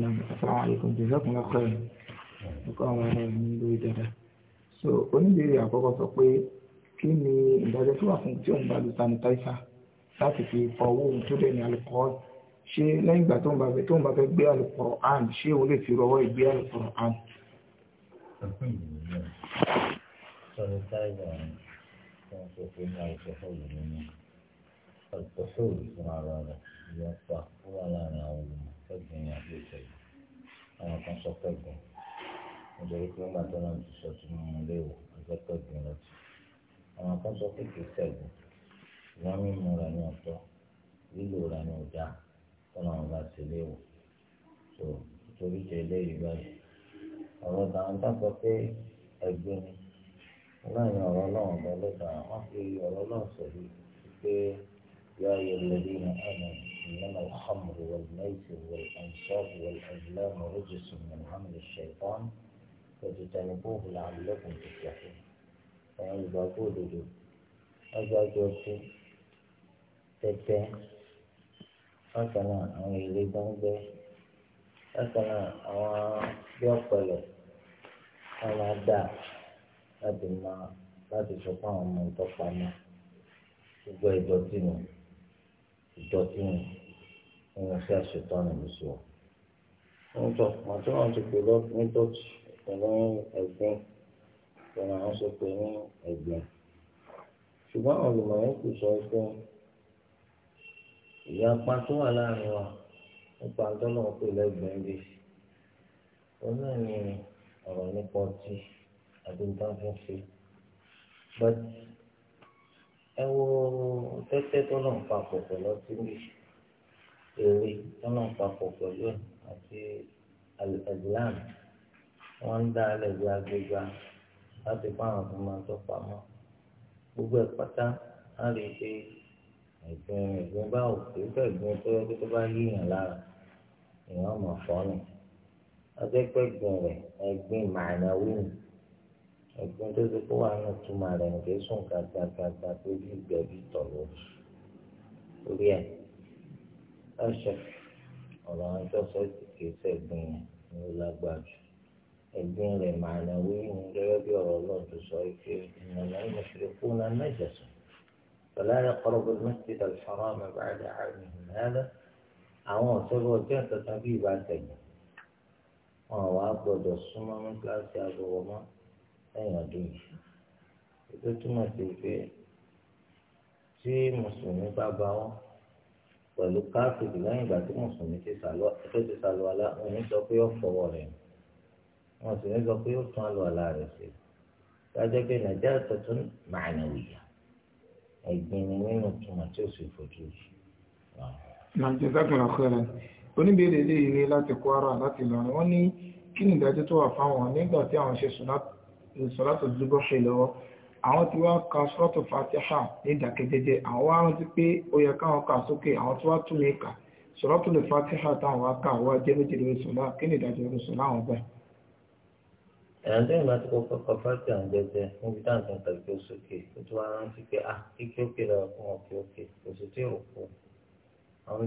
náà assalamu alaikum jazakumullahu khairan ẹ̀kọ́ àwọn ará ẹ̀mí lórí dáadáa. so oníbèrè àkọ́kọ́ sọ pé kí ni ìdájọ́ tó wà fún tí òun bá lu sanitizer láti fi fọ owó ohun tó dẹ̀ ní alukọ́ọ̀lù ṣé lẹ́yìn ìgbà tó ń bá fẹ́ tó ń bá fẹ́ gbé Al-Qur'an ṣé òun lè fi rọwọ́ ìgbé Al-Qur'an. sanitizer ń ṣe pé ní àìsàn ẹ̀gbìn ni àbí ìṣẹ̀lẹ̀ àwọn kan sọ pé nítorí pé wọ́n tó náà ti sọ tí wọ́n mú léwu ọjọ́ pé lọ sí àwọn kan sọ pé kì í mímu rẹ̀ ní ọ̀tọ̀ lílo rẹ̀ ní ọ̀dà tó náà bá ti léwu tó torí ṣe eléyìí báyìí ọ̀rọ̀ táwọn tá sọ pé ẹ̀gbìn láàrin ọ̀rọ̀ náà lọ́lọ́ta wọ́n fi ọ̀rọ̀ náà sọ pé yọ ayẹyẹ lẹ́yìn ọ̀nà إنما الخمر والميسر والأنصاب والأزلام رجس من عمل الشيطان فاجتنبوه لعلكم تفلحون ẹ̀yin ìgbàgbọ́ òdodo ọgbàgbọ́ ọtí tẹ́tẹ́ bákan náà àwọn èrè gbọ́ngbẹ́ bákan náà àwọn bí ọ̀pẹ̀lẹ̀ wọn máa dà láti máa láti sọ fún àwọn ọmọ ìtọ́pamọ́ gbogbo ìdọ̀tí nù ìdọ̀tí nù nínú sí àṣetánù lóṣù wa. wọ́n tọ́ màtí wọ́n ti pè ní tọ́tù pẹ̀lú ẹ̀gbìn pẹ̀lú àwọn sọ pé ní ẹ̀gbìn. ṣùgbọ́n àwọn olùmọ̀ọ́ kò sọ pé ìyapa tó wà láàrin wa nípa àtọ́nà pè lẹ́gbẹ̀ẹ́ bí ó náà ọ̀rọ̀ nípa ọtí àti nǹkan fi ẹ wo tẹ́tẹ́ tó náà papọ̀ pẹ̀lú ọtí bíi èrè tọ́nà papọ̀ pẹ̀lú ẹ̀ àti ẹ̀dìlám wọ́n ń dá ẹlẹ́gbẹ̀gbà gbégbá láti bá àwọn tó máa tó pamọ́ gbogbo ẹ̀ pátá á rí i pé ẹ̀gbìn ẹ̀gbìn bá òkè tó ẹ̀gbìn tó yẹ kó tó bá yíyàn lára èèyàn mọ̀ fọ́nù ọdẹ́gbẹ́ gbìn rẹ̀ ẹ̀gbìn màánàwí ni ẹ̀gbìn tó ti kó wà nù túmọ̀ rẹ̀ nìkan sùn gàgàgàgà tó bí gbẹ̀bí tọ̀ lórí ẹ̀ láṣẹ ọ̀rọ̀ àwọn tó sọ kìkì sẹ́gbìn yẹn ni ó lágbára jù ẹ̀gbìn rẹ̀ màá ní wí ní gẹ́gẹ́ bí ọ̀rọ̀ ọlọ́run tó sọ pé ìmọ̀nà المشركون نجس فلا يقربوا المسجد الحرام بعد عامهم هذا àwọn ọ̀sọ́gbọ̀ ọjọ́ ìtọ́ta bí ìbá tẹ̀yìn wọn wàá gbọdọ̀ súnmọ́ ní kíláàsì àbọ̀wọ̀ mọ́ lẹ́yìn ọdún yìí ètò túmọ̀ sí pé tí mùsùlùmí bá bá wọn pẹ̀lú káfíìdì lẹ́yìn ìgbà tí mùsùlùmí ti sàlọ́ tó ti sàlọ́ àlá wọn ní sọ pé ó fọwọ́ rẹ̀ wọn sì ní sọ pé ó tún àlọ́ àlá rẹ̀ sí dájọ́ pé nàìjíríà tuntun màánà wìyà ẹ̀gbin ni nínú túmọ̀ tí ó sì fojú yìí. nàìjíríà kọ́ra oníbèrè lè ní láti Kwara láti Ìlọrin wọn ní kí ni ìdájọ́ tó wà fáwọn nígbà tí àwọn ṣe sọ̀rọ̀ àtọ̀dúgbọ̀ ṣe lọ́wọ́ àwọn tí wọ́n ka ṣọ́tò fatiha ní ìdàkẹ́jẹ́jẹ́ àwọn wá rántí pé ó yẹ káwọn sókè àwọn tí tún kà lè fatiha táwọn wá kà wọ́n jẹ́ méjì lórí sọ́lá kí ni ìdájọ́ lórí sọ́lá àwọn bẹ́ẹ̀. ẹ̀yàn ìgbà tí kò kọ́kọ́ fatiha ń jẹjẹ níbi táwọn kan tàbí kí ó sókè wá rántí pé ah kíkí òkè lọ fún òkè tí àwọn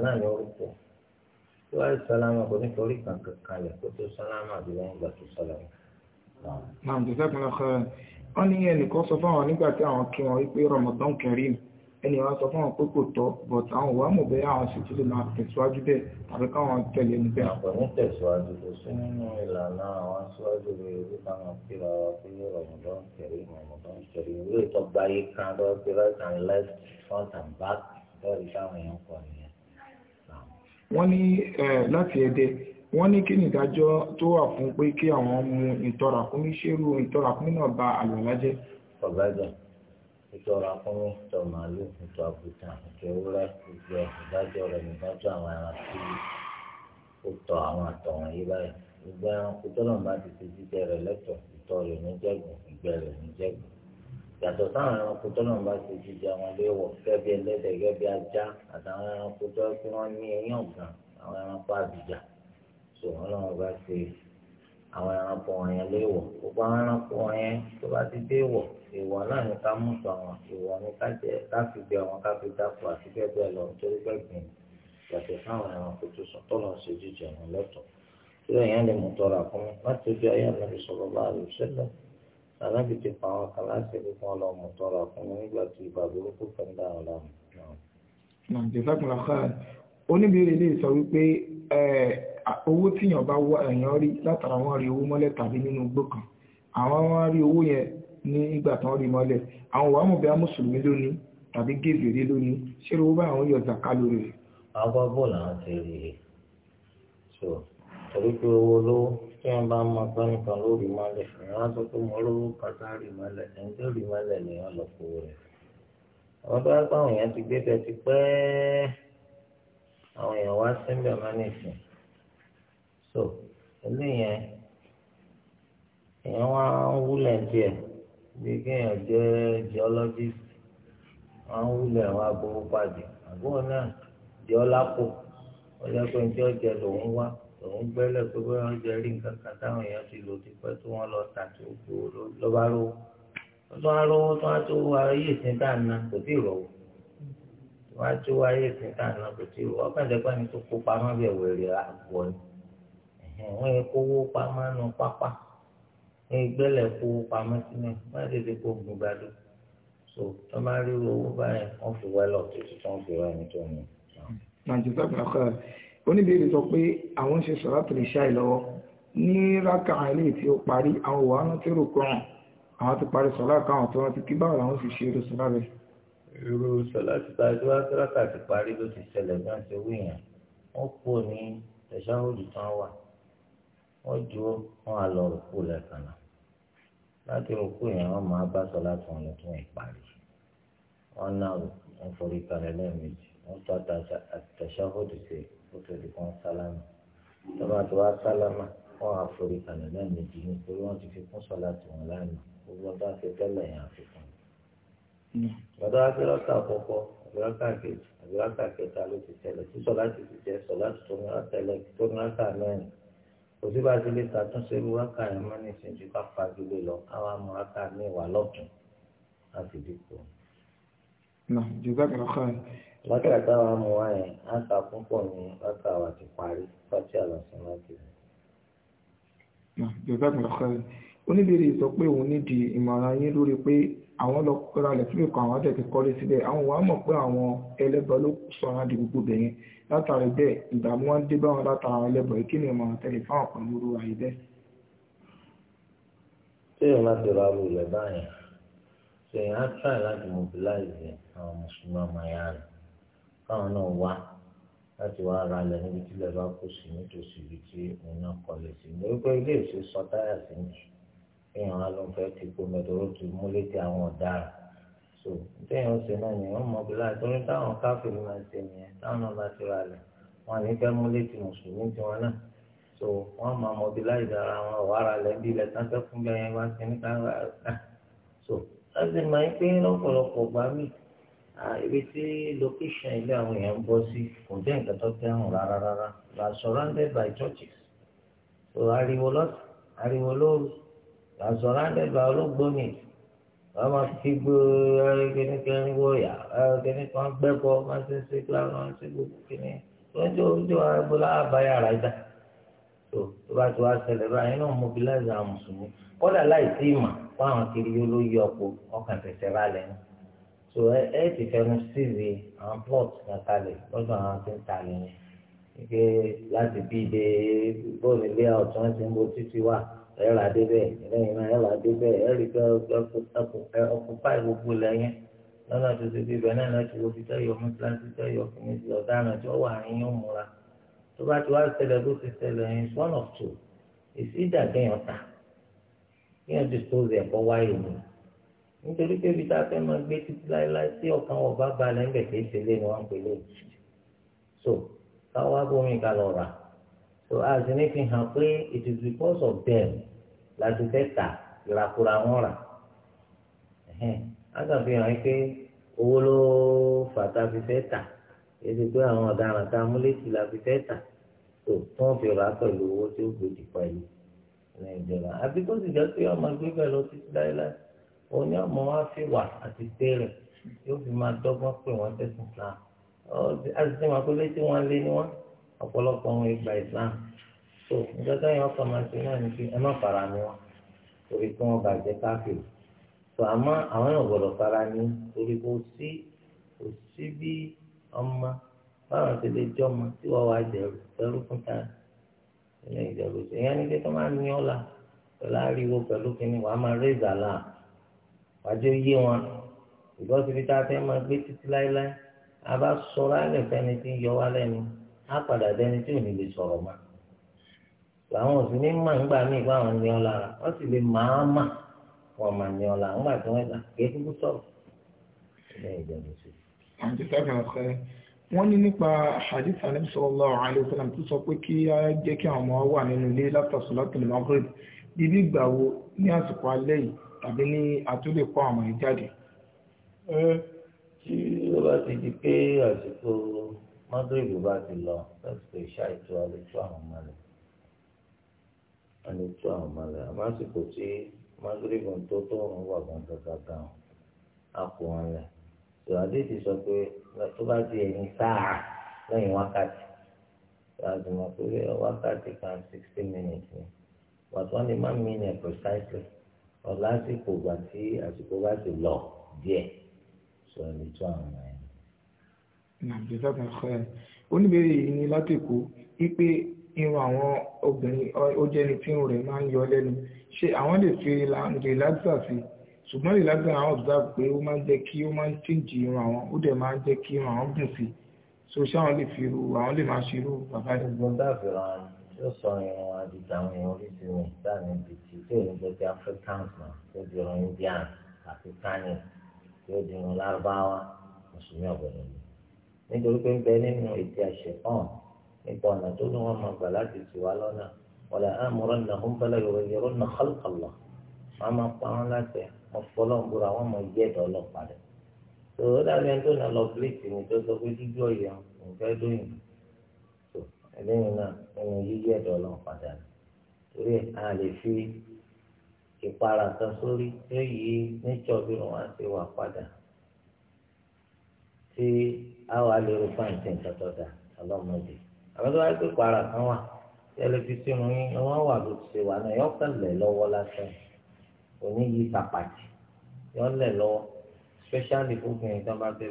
ka tó wáyé sálámà kò ní forí kankan kalẹ̀ kó tó sálámà àti lẹ́yìn ìgbà tó sálámà. máa ń jẹ́ sẹ́kùn lọ́kọ́ rẹ̀ wọ́n ní ẹnìkan sọ fún àwọn nígbà tí àwọn kí wọn wípé Ramadan Kareem ẹnì wọn sọ fún àwọn pé kò tọ́ but àwọn òwò àmọ̀ bẹ́ẹ̀ àwọn sì tún lè máa tẹ̀síwájú bẹ́ẹ̀ tàbí káwọn tẹ̀lé ní bẹ́ẹ̀. àpò ní tẹ̀síwájú kò sí nínú ìlànà àwọn aṣáájú rẹ̀ ìlú káwọn kíra wa pé Ramadan Kareem Ramadan Kareem ìwé ìtọ́gbáyé kan lọ́wọ́ pé right and left front and back lọ́ọ̀rì káwọn èèyàn kọ́ ni wọ́n ní eh, láti ẹ̀dẹ wọ́n ní kí nìdájọ́ tó wà fún pé kí àwọn mu ìtọ́rakúnmí ṣerú ìtọ́rakúnmí náà ba àlùwàlá jẹ́. ọ̀gájọ́ ìtọ́rakúnmí ìtọ̀ màálù ìtọ̀ àbùtàn ìkẹwúrẹ́ ìgbẹ́ ìdájọ́ rẹ̀ nìdájọ́ àwọn ẹran tí ó tọ àwọn àtọ̀ wọ̀nyí báyìí ìgbẹ́ ẹranko tọ́lọ́mù bá ti ṣe jíjẹ rẹ̀ lẹ́tọ̀ọ́ ìtọ̀ rẹ̀ ní ìgbẹ́ rẹ̀ ní yàtọ̀ sáwọn ẹranko tó náà bá ti jíjẹ àwọn ilé wọ̀ gẹ́gẹ́ ẹlẹ́dẹ̀ gẹ́gẹ́ ajá àtàwọn ẹranko tó ẹ kí wọ́n ní ẹyìn ọ̀gàn àwọn ẹranko àbíjà tó wọn náà bá ti àwọn ẹranko wọ̀nyẹn lé wọ̀ gbogbo àwọn ẹranko wọ̀nyẹn tó bá ti dé wọ̀ ìwọ̀ náà ní ká mú sọ àwọn ìwọ̀ ní ká jẹ ká fi gbé àwọn ká fi dáko àti bẹ́ẹ̀ bẹ́ẹ̀ lọ nítorí gbẹ̀gbìn yàtọ̀ sáwọn ẹranko tó sọ tó lọ sí jíjẹ àwọn lẹ́tọ̀ọ́ alábi ti pa àwọn kan láti ẹni fún ọlọmọ tọrọ fún mi nígbà tí ìgbà burúkú fẹ́ ń dá àwọn láàmú. nàìjíríà kan oníbèrè lè sọ wípé owó tíyàn bá wá èèyàn rí látara wọn rí owó mọ́lẹ̀ tàbí nínú igbó kan àwọn wọn rí owó yẹn ní ìgbà tán rí mọ́lẹ̀ àwọn wàá mọ̀ bí amúsùlùmí lónìí tàbí gèvèrè lónìí ṣé owó bá àwọn yọ zàká lórí rẹ̀. àwọn àwọn ti rí i so torí pé owó lówó tí wọn bá mọ pé nìkan ló rí malẹ ìyá sọ pé mo lówó kàtà rí malẹ ẹni rí malẹ ni wọn lọ fún rẹ àwọn tó wá pé àwọn èèyàn ti gbé bẹ́ẹ̀ ti pẹ́ àwọn èèyàn wá síbẹ̀ má nìsín so eléyẹn èèyàn wá ń wúlẹ̀ díẹ̀ bí kéèyàn jẹ́ geologist wọn ń wúlẹ̀ wá burú pàdé àbúrò náà jẹ́ ọlápò ó jẹ́ pé ní ọjọ́ lòún wá òun gbẹ́lẹ̀ pé bóyá wọ́n jẹ rí nǹkan kan táwọn èèyàn ti lò ti pẹ́ tó wọ́n lọ tà tó gbòòrò lọ́ba rówó tó wá rówó tó wá tó ayé ìsìn dáná kò tí ì rọ̀wọ́ tó wá tó ayé ìsìn dáná kò tí ì rọ̀wọ́ ọ̀pẹ̀lẹ̀pẹ̀ ni tó kó pamọ́ bẹ̀ wẹ̀rẹ̀ àgbọ̀ ni wọ́n yẹ kówó pamọ́ nu pápá wọ́n yẹ gbẹ́lẹ̀ kówó pamọ́ sílẹ̀ wọ́n yẹ tètè kó gun gbadó so tó bá rí owó báyẹn wọ́n fi wẹ́lọ̀ tó ti fi wá ẹni tó ní oníbèrè sọ pé àwọn ṣe sọ̀rọ̀tò lè ṣáì lọ́wọ́ ní rákà ilé tí ó parí àwọn òwò àwọn tí ó rò kọrùn àwọn ti parí sọ̀rọ̀ àkáwọn tó rántí kí báwọn làwọn sì ṣe èrò sọ̀rọ̀ rẹ̀. irú sọlá ti ta ìlú áfíríkà ti parí ló ti ṣẹlẹ̀ náà ti wí yẹn wọ́n kú ní tẹ̀sánwòlù tán wà wọ́n dúró wọn á lọ rò kú lẹ́ẹ̀kan náà láti rò kú yẹn máa bá sọlá tó wọn lọ tó wọn ìparí wọn náà wọ́n forí kalẹ̀ lẹ́ẹ̀mejì wọ́n tó àtàṣà àtẹ̀sánwòlù sí kó tó di kan sálámà tọ́ba tó wá sálámà wọ́n á forí kalẹ̀ lẹ́ẹ̀mejì ní torí wọ́n ti fi kún sọ́lá tí wọ́n lánàá gbogbo bá fi tẹ́lẹ̀ yẹn àfikún. bàbá akérọ́tà àkọ́kọ́ àbúrákà kejì àbúrákà kẹta ló ti tẹ́lẹ̀ tí sọ́lá ti ti jẹ́ sọ́lá tó ní rákàlẹ̀ tó ní rákà mẹ́rin kò sí bá ti lè ṣàtúnṣe irú rákà yẹn mọ́ ní ìsìn ju ká fagilé lọ káwá mú rákà mẹ́wàá lọ́tún láti dípò. nà jùlọ kàkà Mákàrà táwọn mú wá yẹn, á kà púpọ̀ ní mákàrà wà ti parí, pàtí àlọ́sí mákàrà. Jọ̀dọ́kùn lọ́kọ́ rẹ̀. Oníbèrè sọ pé òun nídìí ìmọ̀ràn yín lórí pé àwọn lọ ra ilẹ̀ síbẹ̀ kan àwọn àtẹ̀tẹ̀ kọ́lé síbẹ̀. Àwọn wàá mọ̀ pé àwọn ẹlẹ́bọ ló sọ ara di gbogbo bẹ̀yẹn. Látàrí bẹ́ẹ̀, ìdààmú wọn dé bá látara àwọn ẹlẹ́bọ yìí. Kí ni ìmọ̀ràn tẹ̀lé fáwọn pẹ̀lú orú ayé bẹ́ẹ̀? Ṣé ìrìn láti ra olùlẹ̀ báyìí? Ṣèyàn á tàì láti mobilize àwọn Mùsùlùmí ọmọ yára káwọn náà wá láti wá ara lẹ níbi tí lè bá kó sí nítòsí ibi tí òun náà kọlẹ̀ sí ní wípé ilé ìṣe sọ táyà sí ní èèyàn á ló ń fẹ́ ti kó mẹtọrọ ti mú létí àwọn ọ̀daràn so téèyàn ń ṣe náà ni wọ́n mọ̀ bíláà torí táwọn káfíìn máa ń ṣe nìyẹn táwọn náà bá ti ra lẹ̀ wọn ní fẹ́ mú létí mùsùlùmí tiwọn náà so wọ́n máa mọ̀ bíláà ìdára wọn wà ara lẹ̀ bí ilẹ̀ tán fẹ́ fún bẹ́ẹ̀ yẹn wá sí ní káfíìn so láti máa ń pín lọ́pọ̀lọpọ̀ gbà ibi tí location ilé àwọn èèyàn ń bọ́ sí kò jẹ́ nǹkan tó tẹ́hùn rárá rárá we are surrounded by churches so ariwo lọ́sàn ariwo lóru we are surrounded by olóògbóni wọ́n máa fi gbogbo ẹ̀rọ kìnnìkan wọ̀yà ẹ̀rọ kìnnìkan gbẹ́bọ máa ti ń ṣe kíláàmù máa ń ṣe gbogbo kìnnìkan lọ́jọ́ ọjọ́ agbọ́lá àbáyà ara ìdá tó tó bá ti wá ṣẹlẹ̀ báyìí náà mobilize àwọn mùsùlùmí kọ́dà láì sí ìmọ̀ fún àwọn kiri yóò ló yí ọ̀pọ̀ ọkàn tẹ̀sẹ̀ rà lẹ́nu so ẹ ẹ ti fẹnu síbi àwọn plot nàkàlẹ̀ lọ́dọ̀ àwọn tí ń talẹ̀ yẹn ike láti bí de bóòlù ilé ọ̀tún ẹ̀ ti ń bo títí wà ẹ̀ là dé bẹ́ẹ̀ náà ẹ̀ là dé bẹ́ẹ̀ ẹ̀ rí pé gbogbo lẹ́yìn lọ́nà tó ti bí ibẹ̀ náà láti wo fi tẹ́yọ̀ mú kíláàsì tẹ́yọ̀ fún ti ọ̀daràn tí wọ́n wà ní yóò múra tó bá ti wá ṣẹlẹ̀ bó ti ṣẹlẹ̀ yẹn one of two èsì ìdàgẹ́yàn ta kí wọ́n ti tó rẹ̀ kọ́ wáyé nìyẹn nítorí pé ibi tá a fẹ́ máa gbé títí láéláé tí ọ̀kan ọ̀bá balẹ̀ ń bẹ̀ kì ṣe lé ni wọ́n ń pè lé so káwá bómi ká lọ rà so a sì ní fi hàn pé it is because of them láti fẹ́ tà ìrakura wọn rà a kàn fi hàn pé owó ló fàtà fi fẹ́ tà èsì pé àwọn ọ̀daràn tá a mú létí la fi fẹ́ tà tó tó ń fi rà pẹ̀lú owó tí ó gbòdì pẹ̀lú nàìjíríà àbí kó sì jẹ́ pé ọmọ gbé bẹ́ẹ̀ lọ títí láéláé òun ni ọmọ wa fi wà àti dé rẹ̀ yóò fi máa dọ́gbọ́n pè wọ́n tẹ̀sán islam àti wọn kó létí wọn lé ní wọn ọ̀pọ̀lọpọ̀ wọn ìgbà islam tó nígbà táyà ọkọ̀ máa ti náà ní kí ẹ má fara ní wọn torí kí wọ́n bàjẹ́ káfíìn tó àmọ́ àwọn náà gbọ́dọ̀ fara ní torí kò sí kò sí bí ọmọ báwọn ti lè jọ ọmọ tí wọ́n wá jẹ̀rù pẹ̀lú fún ta ilé ìjẹ̀rù ìyẹn ní kí wọ́n máa ní ọ̀la pẹ̀lú ariwo pẹ̀lú kínní wàá máa rẹ́ ìzàlá wájú yé wọn ìgbọ́n ti fi tá a fẹ́ máa gbé títí láéláé a bá sọ̀rọ̀ alẹ́ fẹ́ni tí ń yọ wá lẹ́nu á padà dẹni tí ò ní lè sọ̀rọ̀ mọ́ làwọn ò sì ní mọ̀ nígbà míì pé àwọn ní ọ lára wọ́n sì lè máa mà wọ́n mà ní ọ lára nígbà tí wọ́n gbà ké kúkú sọ̀rọ̀ lẹ́yìn sábà ọ̀sẹ̀ wọ́n ní nípa hadith alim sallallahu alaihi wasallam tó sọ pé kí á jẹ́ kí àwọn ọmọ wà nínú ilé látàsùn látàlú tàbí lé àtúndì kọ́ àwọn yìí jáde. tí ó bá ti di pé àsìkò mọ́gírìbì bá ti lọ láti pè ṣáà ètò àlejò àwọn ọmọ rẹ̀ àlejò àwọn ọmọ rẹ̀ àmọ́ àsìkò tí mọ́gírìbì tó tó ń wà gbọ̀ngàn gàgàn á kó wọn lẹ̀ ìwádìí ti sọ pé tó bá di ẹ̀yìn sáà lẹ́yìn wákàtí láti mọ̀ pé wákàtí kan sixty minutes ni wàtí wọ́n lè má mí ní ẹ̀ precisely ọ̀la àsìkò gbà tí àsìkò bá ti lọ díẹ̀ sọ ẹni tó àwọn ẹ̀. nàìjíríà kan ṣe oníbèrè yìí ni látìkú wípé irun àwọn obìnrin ó jẹ́ ni tí irun rẹ̀ máa ń yọ lẹ́nu ṣé àwọn lè fi rìláxà sí i ṣùgbọ́n rìláxà àwọn observe pé ó máa ń jẹ́ kí ó máa ń change irun àwọn ó dẹ̀ máa ń jẹ́ kí irun àwọn gùn sí i ṣé àwọn lè fi irú àwọn lè máa ṣe irú bàbá rẹ̀ yóò sọ ìrìn àjò àwọn èèyàn oríṣi rìn sáàní bìtì tí ò ní jẹ́ ti africans náà tó di irun indian africani tí ó di irun lárúbáwá mùsùlùmí ọ̀gbọ̀nọ̀ ni. nítorí pé ń bẹ nínú ètò àṣepọ̀n nípa ọ̀nà tó ní wọ́n máa gbà láti tì wá lọ́nà wọ̀lẹ̀ àmúrọ̀ nà ń bẹ̀lẹ̀ yọ̀rọ̀ yọ̀rọ̀ nà kọ́lùkọ̀lọ̀ wọ́n máa pa wọn láti ọ̀fọ́lọ́ǹbùrà wọ́n máa yẹ ẹ̀dọ̀ ọlọ́pàá rẹ̀. tòwó dàbí ẹni tó nà lọ bíléèkì ní tó sọ pé dúdú ọ̀yà nǹkan ẹ̀dọ́ yìí ẹlẹ́yìn náà ẹnu yíyí ẹ̀dọ̀ ọlọ́run padà torí a lè fi ìpara kan sórí tí ó yí níjọ́ bí wọ́n á wà padà tí àwọn alérò fáǹtì nǹkan tó dà ọlọ́mọdé àwọn tó pé ìpara kan wà tí ẹlẹ́fíṣínú yín ni wọ́n wà ló ti wà náà especially tó bá fẹ́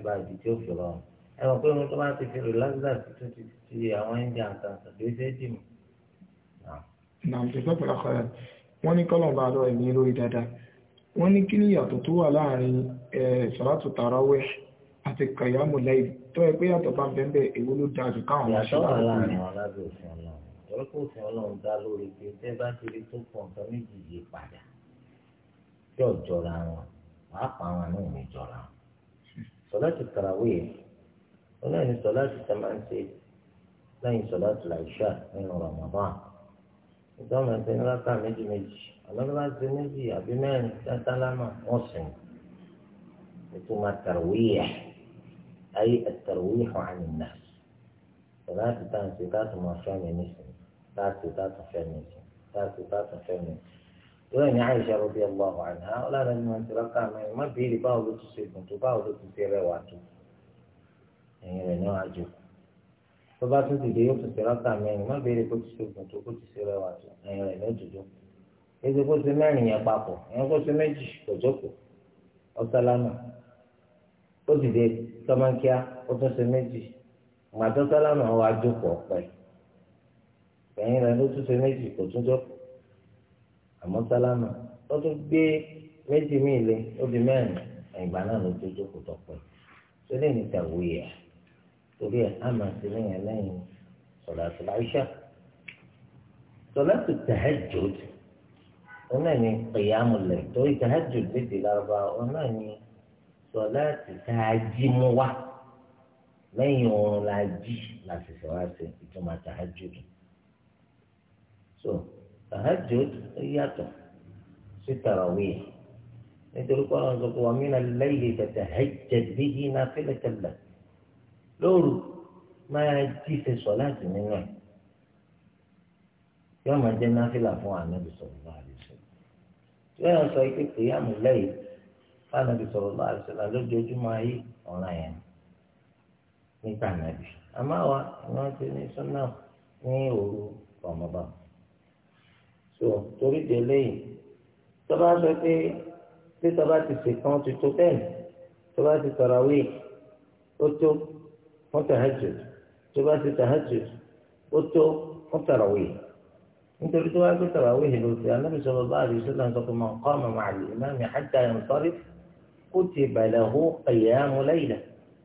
ẹ̀wọ̀n pé wọn tó bá ti fi relaxa tó ti ti àwọn ẹ̀ńdí àǹtàǹtà ló ṣe é dì mọ́. nàìjíríà pàlàkọ́lá wọ́n ní kọ́lọ̀ bá lọ ẹ̀mí lórí dáadáa wọ́n ní kí ni ìyàtọ̀ tó wà láàrin sàlátù tàràwẹ̀ àti kàyámù láìlì tó ẹ pé yàtọ̀ bá ń bẹ́ẹ̀ bẹ́ẹ̀ èwo ló dáa jù káwọn ọmọ ṣe láwọn ọmọ ṣe láwọn ọmọ ولين صلاة ثمان سي لين صلاة العشاء من رمضان ثم بين ركع مجي مجي أنا لا تنجي أبي من تسلم مسلم ثم الترويح أي الترويح عن النفس صلاة ثمان سي ثلاث مرشان مسلم ثلاث ثلاث مرشان مسلم ثلاث ثلاث مرشان مسلم وين عائشة رضي الله عنها ولا لما تركع ما بيري باولو تصيبون تباولو تصيبون ẹ̀yìn rẹ̀ náà àjò tó bá tún dìde yóò tún ṣe rákà mẹ́rin má béèrè kó ti ṣe oògùn tó kó ti ṣe rẹwà tó ẹ̀yìn rẹ̀ náà jòjò ètò kó ṣe mẹ́rin yẹn papọ̀ ẹ̀yìn kó ṣe méjì kò jókòó ọ̀sálámà ó dìde tọ́mọ́kíá ó tún ṣe méjì gbàtọ́ sálámà ó wá jókòó ọ̀pẹ ẹ̀yìn rẹ̀ ló tún ṣe méjì kò tún jókòó àmọ́ sálámà ó tún gbé méjì míì lé ó di mẹ́rin ẹ̀yìn gbà náà ló tó jókòó tọ̀pẹ́ sólè ní tàwé yẹn torí ẹ̀ á máa ṣe lẹ́yìn lẹ́yìn sọ̀látù láìṣà sọ̀látù tahajjud òun náà ní qiyamul layl torí tahajjud lédè lárúbá òun náà ní sọ̀látù tààjí mú wá lẹ́yìn oorun la jí láti sọ̀rọ̀ṣe ìtumọ̀ tahajjud so tahajjud yàtọ̀ sí tarawih nítorí pé ọlọ́run sọ pé wa mina al-layli fatahajjad bihi nafilatan lak lóru máa jí ṣe sọ láti nínú ẹ̀ yóò máa jẹ́ náfìlà fún ànábì sọ̀rọ̀ àdìsọ yóò yàn sọ pé pé yàmù lẹ́yìn fún ànábì sọ̀rọ̀ àdìsọ lójoojúmọ́ ayé ọ̀ràn yẹn nígbà ànábì àmọ́ wa ni wọ́n ti ní sọ́nà ní òru ọ̀mọ́ba so torí de lẹ́yìn tọ́ba sọ pé tí tọ́ba ti ṣètàn ti tó bẹ́ẹ̀ tọ́ba ti tọ̀rọ̀ wíì ó tó wọ́n tahajjud tó bá ti tahajjud ó tó wọ́n tarawih nítorí tó wá gbé tarawih ló ti anábì sallallahu alaihi wasallam sọ pé man qama ma'a al-imami hatta yansarif kutiba lahu qiyamu layla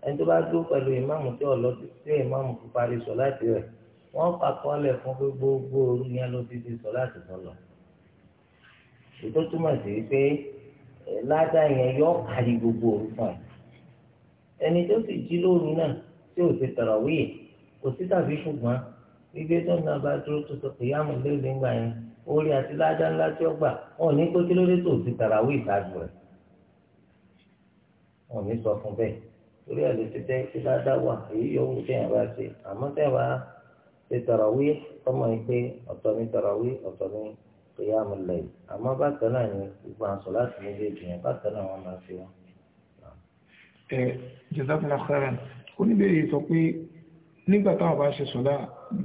ẹni tó bá dúró pẹ̀lú ìmáàmù tí ò lọ sí ìmáàmù fún parí sọ láti rẹ̀ wọ́n pàkọ́lẹ̀ fún gbogbo òru yẹn ló ti di sọ láti sọ lọ. ètò túmọ̀ sí pé eh, ládàá yẹn yọ kárí gbogbo òru fún tí ò ṣe tàràwíì kò sí tàbí ṣùgbọ́n gbígbé tó ń nàbà dúró tó sọ pé yàmù léèrè ńgbà yẹn orí àti ládá ńlá tí ó gbà wọn ò ní pé kí ló dé tó ṣe tàràwíì ìdájú rẹ̀ wọn ò ní sọ fún bẹ́ẹ̀ torí ẹ̀ ló ti tẹ́ kí ládá wà èyí yòówù téèyàn bá ṣe àmọ́ téèyàn bá ṣe tàràwíì ọmọ yìí pé ọ̀tọ̀ ní tàràwíì ọ̀tọ̀ ní kìyàmù lẹ́yìn àmọ́ bákan náà ni gbogbo àṣọ láti méjèèjì yẹn bákan náà wọ́n máa fi wọn. ẹ jẹ́ oníbèrè sọ pé nígbà táwọn bá ṣe sọ̀dá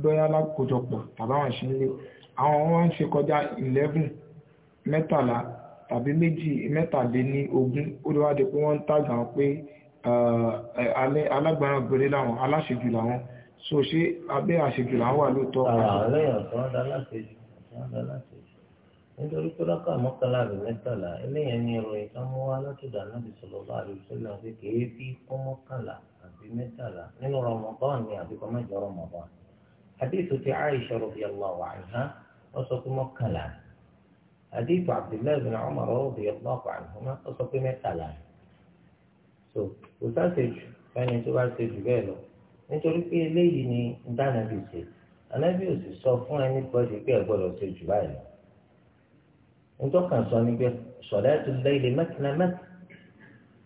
bóyá lákòjọpọ̀ tàbáwọn ṣe ń lé àwọn wọn ń ṣe kọjá eleven mẹ́tàlá tàbí méjì mẹ́tàléní ogún ó lè wá di pé wọ́n ń tàgbà wọn pé alágbára gbèrè làwọn aláṣejù làwọn so ṣé abẹ́ àṣejù làwọn wà lóòótọ́. àlẹ́yìn ọ̀sán ọ̀dà aláṣejù ọ̀sán ọ̀dà aláṣejù nítorí pé lọ́kọ̀ àmọ́kànlá rẹ̀ mẹ́tàlá eléyẹn ni ìròyìn kan mú wá látọ̀dọ̀ ànábì sọ̀rọ̀ bá àlùfẹ́ náà pé kèé bí kọ́mọ́kànlá àbí mẹ́tàlá nínú Ramadan ni àbí kọ́ mẹ́jọ Ramadan hadithu ti Aisha radiyallahu anha wọ́n sọ pé mọ́kànlá hadithu Abdullahi bin Umar radiyallahu anhuma wọ́n sọ pé mẹ́tàlá so kò sáṣe jù fẹ́ni tó bá ṣe jù bẹ́ẹ̀ lọ nítorí pé eléyìí ni dánàbì ṣe anábì ò sì sọ fún ẹni pọ́ọ̀sì pé ẹ gbọ́dọ̀ ṣe jù báyìí lọ nítorí kan sọ níbẹ̀ sọ̀lẹ́tù lẹ́yìn mẹ́tìlá mẹ́tì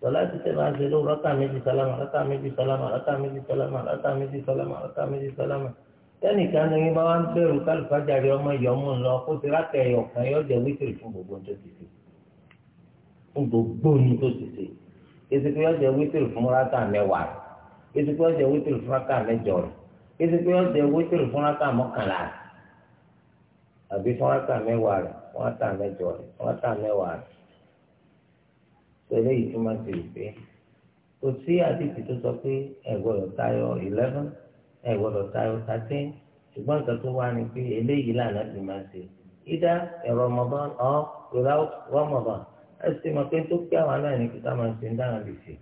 sọlá ti tẹ̀ máa ṣe ló rákà méjì sálámà rákà méjì sálámà rákà méjì sálámà rákà méjì sálámà rákà méjì sálámà tẹ́nìkan ní bá wá ń bẹ̀rù kálífàjárì ọmọ ìyọ́mú lọ kó ti rákà ẹ̀yọ̀ kan yóò jẹ́ wítìrì fún gbogbo tó ti ṣe fún gbogbo ní tó ti ṣe ezekwe yóò jẹ́ wítìrì fún rákà mẹ́wàá ezekwe yóò jẹ́ wítìrì fún rákà mẹ́jọ ezekwe yóò jẹ́ wítìrì fún rákà mọ́kànlá àbí fún rákà mẹ́wàá fún rákà mẹ́jọ fún rákà mẹ́wàá pẹ̀lú èyí tó máa ṣe ìfẹ́ kò sí àdìsí tó sọ pé ẹ gbọ́dọ̀ tayọ eleven ẹ gbọ́dọ̀ tayọ thirteen ṣùgbọ́n nǹkan tó wá ni pé eléyìí lànà ti máa ṣe either Ramadan or without Ramadan ẹ sì mọ̀ pé tó pé àwọn náà ní kí ká máa ṣe ń dáhùn àdìsí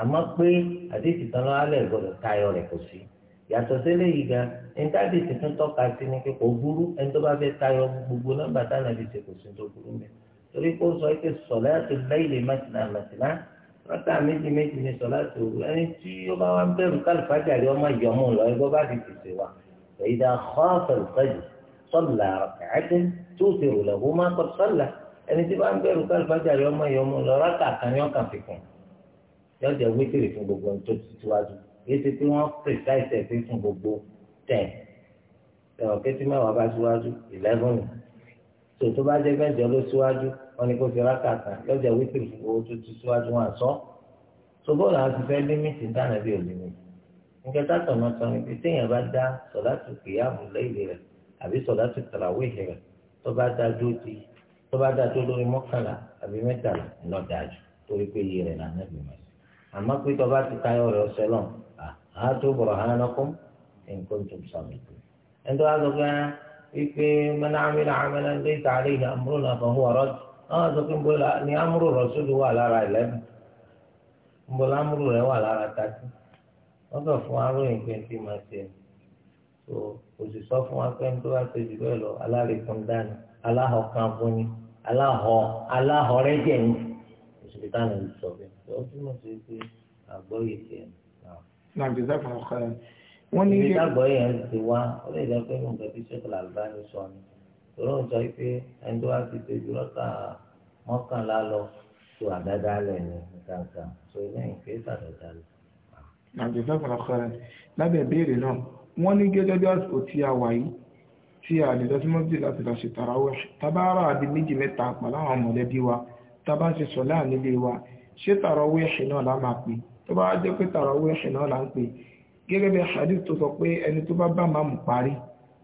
àmọ́ pé àdìsí tán lọ́wọ́ alẹ́ gbọ́dọ̀ tayọ rẹ̀ kò sí yàtọ̀ sílẹ̀ yìí gan ẹ̀ńtàdìsí tún tọ́ka sí ni pé kò burú ẹni tó bá fẹ́ tayọ gbogbo nọ́mbà táwọn àdìsí kò sí tó burú mẹ́ta torí kó sọ pé sọlá tó lẹ́yìn mẹsìlá mẹsìlá rákà méjì méjì ní sọlá tó ẹni tí ó bá wá bẹ̀rù kálífàjà rí ọmọ ìyọmú lọ ẹgbẹ́ bá ti tètè wá ìdá xọ́ọ̀fẹ̀ lùfẹ́jì sọ́là ẹ̀ẹ́dín tó ti rò lẹ́wọ́ má kọ́ sọ́là ẹni tí bá ń bẹ̀rù kálífàjà rí ọmọ ìyọmú lọ rákà kan ní ọkàn fìkún yọjọ wítìrì fún gbogbo tó ti tiwájú wọn ni kò fi rákà kan lọ́jà wítìrì owó tó ti síwájú wọn àsọ ṣùgbọ́n làwọn ti fẹ́ límìtì dáná bí òlímì nǹkan táàtọ̀ náà sọ ni téèyàn bá dá sọ̀láṣù kìyàmù lẹ́yìn rẹ̀ àbí sọ̀láṣù tàràwéhì rẹ̀ tó bá dá dó ti tó bá dá lórí mọ́kànlá àbí lọ dájú torí pé iye rẹ̀ là àmọ́ pé tó bá ti tayọ rẹ̀ ọ̀sẹ̀ lọ bọ̀rọ̀ nǹkan àwọn sọ pé ń ni amúrò rọ̀ṣúlù wà lára eleven ń bọ́lá amúrò rẹ̀ wà lára thirty wọ́n kàn fún aróyìn pé ti máa ṣe so òsì sọ fún wa pé ń tó bá ṣe jù bẹ́ẹ̀ lọ alárìkún dání aláhọ̀ kan fún ni aláhọ̀ aláhọ̀ rẹ̀ jẹ̀ ní òṣèlú táwọn ò sọ bẹ́ẹ̀ ó túmọ̀ sí pé àgbọ̀ yìí ti ẹ̀ náà jẹ́ sáfà yẹn ti wá ó lè jẹ́ pé nǹkan tí sẹ́kọ̀lá àlùbáyé sọ ni lọ́wọ́ sọ pé ẹni tó wá ti dojú lọ́ta mọ́kànlá lọ tó àdáda lẹ̀ ní kankan tó lẹ́yìn pé sàdáda lẹ̀. àjọṣe ọ̀pọ̀lọpọ̀ rẹ̀ lábẹ́ ìbéèrè náà wọ́n ní gẹ́gẹ́ bí àsìkò tí a wà yìí tí a lè lọ sí mọ́tì láti lọ ṣe tàràwọ̀ tábàárà àbí méjì mẹ́ta pàlà àwọn mọ̀lẹ́bí wa tábà ń sọ láànílé wa ṣé tàràwọ̀ ẹ̀ṣẹ̀ náà la máa pè tó bá jẹ́ pé tàràwọ̀ ẹ̀ṣẹ̀ náà la ń pè gẹ́gẹ́ bí hadith tó sọ pé ẹni tó bá bá máa mú parí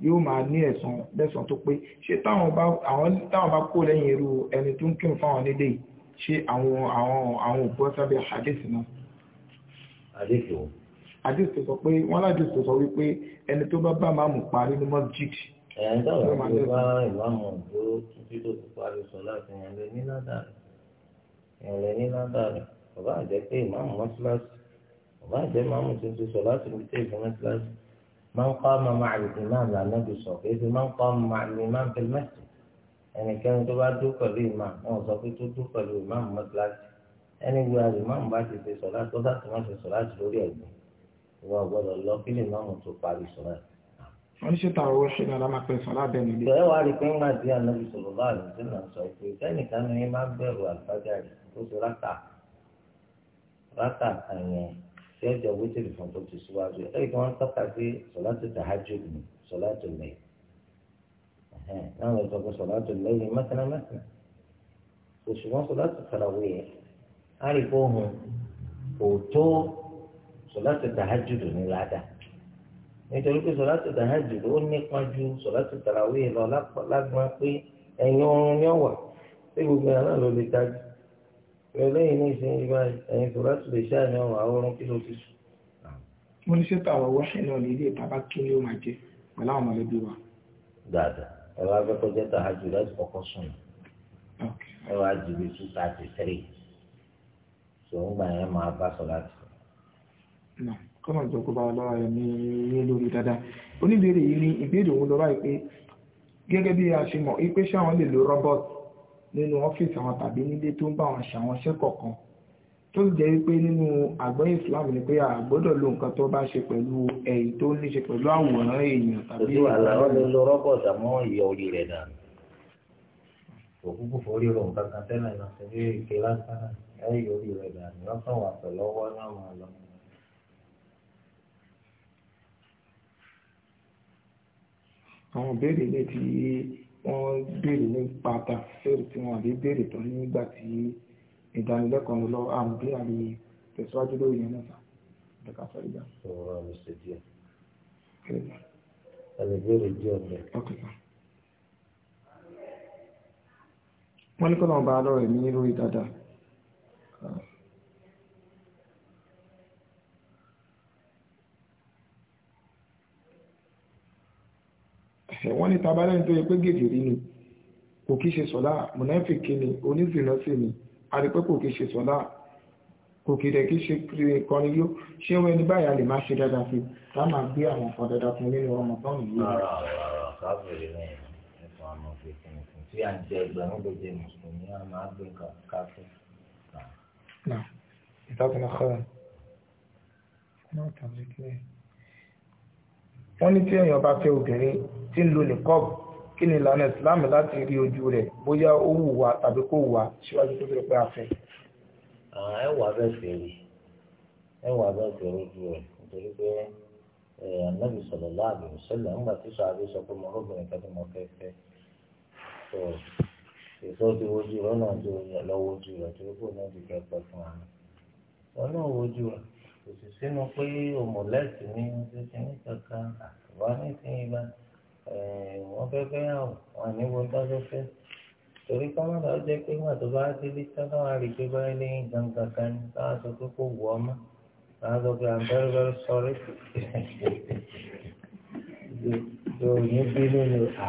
yóò máa ní ẹ̀san lẹ́san tó pé ṣé táwọn bá kó lẹ́yìn irú ẹni tó ń kírun fáwọn nílé ṣé àwọn àwọn òpó sábẹ́ hadith náà. hadith o. hadith tó sọ pé wọ́n ládìí tó sọ wípé ẹni tó bá bá máa mú parí ní masjid. ẹ̀yìn táwọn ọmọ tó bá ìmáàmù dúró títí tó fi parí sọ láti yàn lé ní ládàrí yàn lé ní ládàrí bàbá àjẹ́ pé ìmáàmù mọ́síláṣí bàbá àjẹ́ máàmù tuntun sọ láti fi tẹ́ ìfọ́n mọ́síláṣí من قام مع الإمام لا نبي صوفي إذا من قام مع الإمام في المسجد يعني كان تبع دوكا الإمام أو صوفي تدوكا الإمام مثلا يعني يقول الإمام بعد في صلاة وضع كمان في صلاة لوري أجمع وأقول الله في الإمام تقاري صلاة wọ́n ṣe tààrọ̀ owó ṣe náà máa pẹ́ sọ́lá bẹ́ẹ̀ nílé. ẹ wá rí i pé ńgbà tí ànábì sọ̀rọ̀ bá àrùn tí náà sọ pé sẹ́nìkan ni tí ẹ jọ wítìrì fún tó ti síwájú ẹ kí wọ́n tọ́ka sí sọ̀láàtì tàhájú ni sọ̀láàtì lẹ́yìn náà lọ sọ pé sọ̀láàtì lẹ́yìn mẹ́tẹ́lá mẹ́tẹ́lá kò ṣùgbọ́n sọ̀láàtì tàràwé yẹn á rí kó hun kò tó sọ̀láàtì tàhájú ní ládàá nítorí pé sọ̀láàtì tàhájú ó nípa ju sọ̀láàtì tàràwé lọ lágbọ́n pé ẹ̀yin oorun ni ó wà pé gbogbo ẹ̀ náà ló lè dájú. eléyìí ní ìsinyìí báyìí ẹ̀yin kò láti lè ṣe àmì ọ̀rọ̀ àwòrán kí ló ti sùn. mo ní sẹ́tọ̀ àwọn wọ́ṣẹ̀ náà ní ilé ìtàbá kí ni ó máa jẹ pẹ̀lú àwọn mọ̀lẹ́bí wa. dáadáa ẹ wá fẹ́ kọjá tà ájú láti kọ́kọ́ sùn ẹ wá jù bí two thirty three ṣòun gbà yẹn máa bá sọ láti. kọ́nà ìjọ kó bá wa lọ́wọ́ ní lórí oníbèrè yìí ní ìbéèrè òun lọ́wọ́ nínú ọ́fíìsì àwọn tàbí nílé tó ń bá wọn ṣe àwọn iṣẹ́ kọ̀ọ̀kan tó sì jẹ́ wípé nínú àgbọ́yé Islam ni pé àgbọ́dọ̀ lo nǹkan tó bá ṣe pẹ̀lú èyí tó ní ṣe pẹ̀lú àwòrán èèyàn tàbí ìwà làwọn lè lo rọ́bọ̀tì àmọ́ ìyá orí rẹ̀ dànù òkúkú forí rò nǹkan kan tẹ́lẹ̀ náà ṣe bí ike lásán náà ẹ̀yìn orí rẹ̀ dànù wọ́n béèrè nípa tafsir tí wọ́n àbí béèrè tán nígbà tí ìdánilẹ́kọ̀ọ́ ń lọ àmúdé àrí tẹ̀síwájú lórí yẹn náà dẹ̀ka sọ ìjà. ọ̀rọ̀ àmì ṣe díẹ̀. àlè béèrè díẹ̀ ọ̀gbẹ́. wọ́n ní kọ́nà ọba alọ́ rẹ̀ ní lórí dáadáa. wọ́n ní tabalẹ́ni tó yẹ pé gègé rí ni kò kí ṣe sọ́lá mùnáfíkì ni onízìnà sí ni àrípé kò kí ṣe sọ́lá kò kí rẹ̀ kí ṣe kọni yó ṣé wọ́n ẹni báyà lè má ṣe dáadáa sí ká máa gbé àwọn ọ̀fọ̀ dáadáa fún nínú ọmọ tán yìí. rárá rárá káfíìrì náà ẹ̀sùn àmọ́ fífún tí à jẹ ẹgbẹ̀rún gbèjẹ mùsùlùmí a máa gbé wọ́n ní tí èèyàn bá fẹ́ obìnrin tí ń lo nìkọ́ọ̀bù kí ni ìlànà ìsìláàmù láti rí ojú rẹ̀ bóyá ó wù wá tàbí kò wù wá síwájú tó tó pé a fẹ́. ẹ wà bẹ́ẹ̀ fẹ́ rí ẹ wà bẹ́ẹ̀ fẹ́ ojú rẹ̀ nítorí pé anabi sallallahu alaihi wasallam ńgbà tí sọ àbí sọ pé mo rọ́bìnrin kan tí mo fẹ́ fẹ́ tó èso ti wojú rẹ̀ náà tó lọ́wọ́ ojú rẹ̀ tó kó náà ti kẹ́ pẹ́ fún wa wọn náà wojú rẹ̀ kò sì sínú pé òmùlẹ́sì ní ṣíṣíní kankan àtùwá nísìnyí bá eh, wọ́n fẹ́ fẹ́ hàn wọ́n ní wọ́n bá fẹ́ fẹ́ torí kọ́mọ́tà ó jẹ́ pé wọ́n tó bá délé tọ́lá wà rí pé báyìí ní gangan kan ní káwọn sọ pé kò wù ọmọ káwọn sọ pé i'm very very sorry yóò ní bínú ni à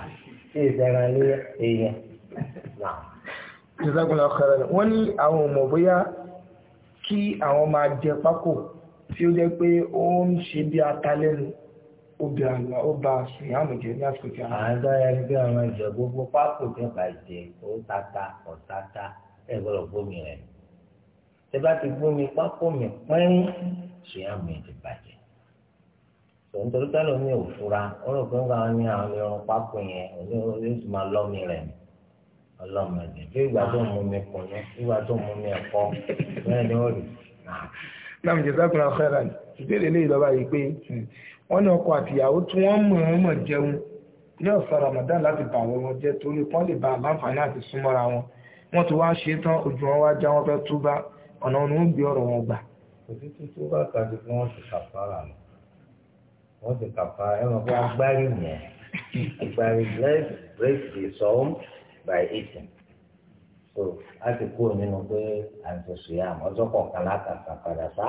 sí ìdára lé èèyàn náà. ìṣègùn ọ̀kẹ́rẹ́ wọ́n ní àwọn ọmọ bóyá kí àwọn máa jẹ pákó tí ó jẹ́ pé ó ń ṣe bí ata lẹ́nu obìnrin ó bá sùnyánù jẹ ní àsìkò tí a. àádọ́ ẹni bí ọmọ ìjọ gbogbo pápò tẹ bàjẹ́ ó tata ọ̀tata ẹ gbọ́dọ̀ gbómi rẹ̀ tẹ bá ti gbómi pápò mi pẹ́ẹ́n sùnyánù yẹn ti bàjẹ́ tòun torí kálọ̀ mi ò fura ó rò pé nǹkan ní àwọn irun pápò yẹn òní oṣù máa lọ́mi rẹ̀ ni ọlọ́mọdé bí ìgbà tó mú mi kùnú ìgbà tó mú mi ẹ̀kọ́ náà jazakumullahu khairan ìbéèrè lè lọ́ba yìí pé wọ́n ní ọkọ àtìyàwó tí wọ́n mọ̀ ọ́n mọ̀ jẹun ní ọ̀sán Ramadan láti bà wọ́n jẹ́ torí wọ́n lè ba àlàǹfààní àti súnmọ́ra wọn wọ́n ti wá ṣe tán ojú wọn wá já wọn fẹ́ túbá ọ̀nà ọ̀nà ń gbé ọ̀rọ̀ wọn gbà. kò sí tútú bá kàdé fún wọn ti kàfàrà nù wọ́n ti kàfàrà ẹ̀ mọ̀ agbárí yẹn agbárí break the soul by eating so a ti kúrò nínú pé à ń sọ sùn yá àmọ́ ọjọ́ kọ̀ọ̀kan lákàtà padà sá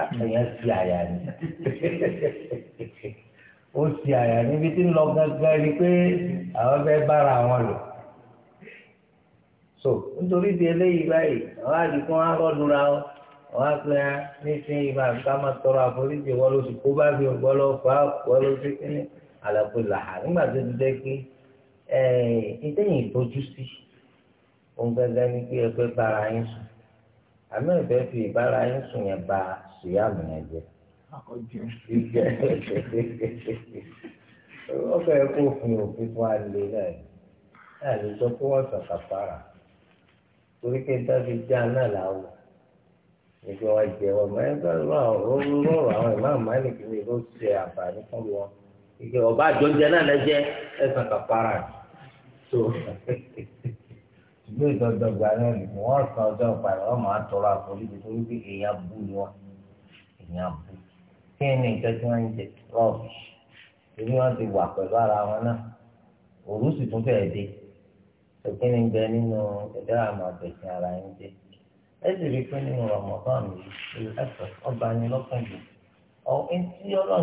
àtẹ̀yẹ́ sí àyà ni ó sì àyà níbi tí ń lọ gángan ni pé àwọn fẹ́ bára àwọn lò so nítorí di eléyìí báyìí àwọn àdìkún á rọ́dùn ra ọ àwọn àpẹ nísìnyí bá ká máa tọrọ àforíjì wọ́n ló sì kó bá fi wọ́n lọ fà wọ́n ló sì kíni àlàpé làhà nígbà tó ti dẹ́ pé ẹ̀ẹ́dẹ́yìn ìtọ́jú sí i òun gẹ́gẹ́ ní pé ẹgbẹ́ bára yín sùn àmì ẹ̀fẹ́ fi ìbára yín sùn yẹn ba sùyàmù yẹn jẹ. ọbẹ̀ kó òfin òfin fún alẹ́ náà ni náà lè sọ pé wọ́n sọ kàfàrà torí pé dábì já náà làwọ̀ níbi wọn jẹ wọn mọ ẹgbẹ́ lọ́rọ̀ àwọn ìmáà máàlìkì ni ló ṣe àǹfààní fún wọn ìgbẹ́ ọba àjọjẹ náà lẹ́jẹ́ ẹ̀sán kàfàrà ni. ìlú ìdọ́dọ́gba náà ni wọ́n san ọjọ́ ìparí wọ́n máa tọrọ àforíjì torí pé èèyàn bú ni wọ́n èèyàn bú kí ni nǹkan tí ti wà ara wọn náà òru sì tún fẹ́ẹ́ dé òkè ní nínú ẹ̀dá àmọ́ ara yín jẹ ẹ sì rí pé nínú ọba ni jù ọ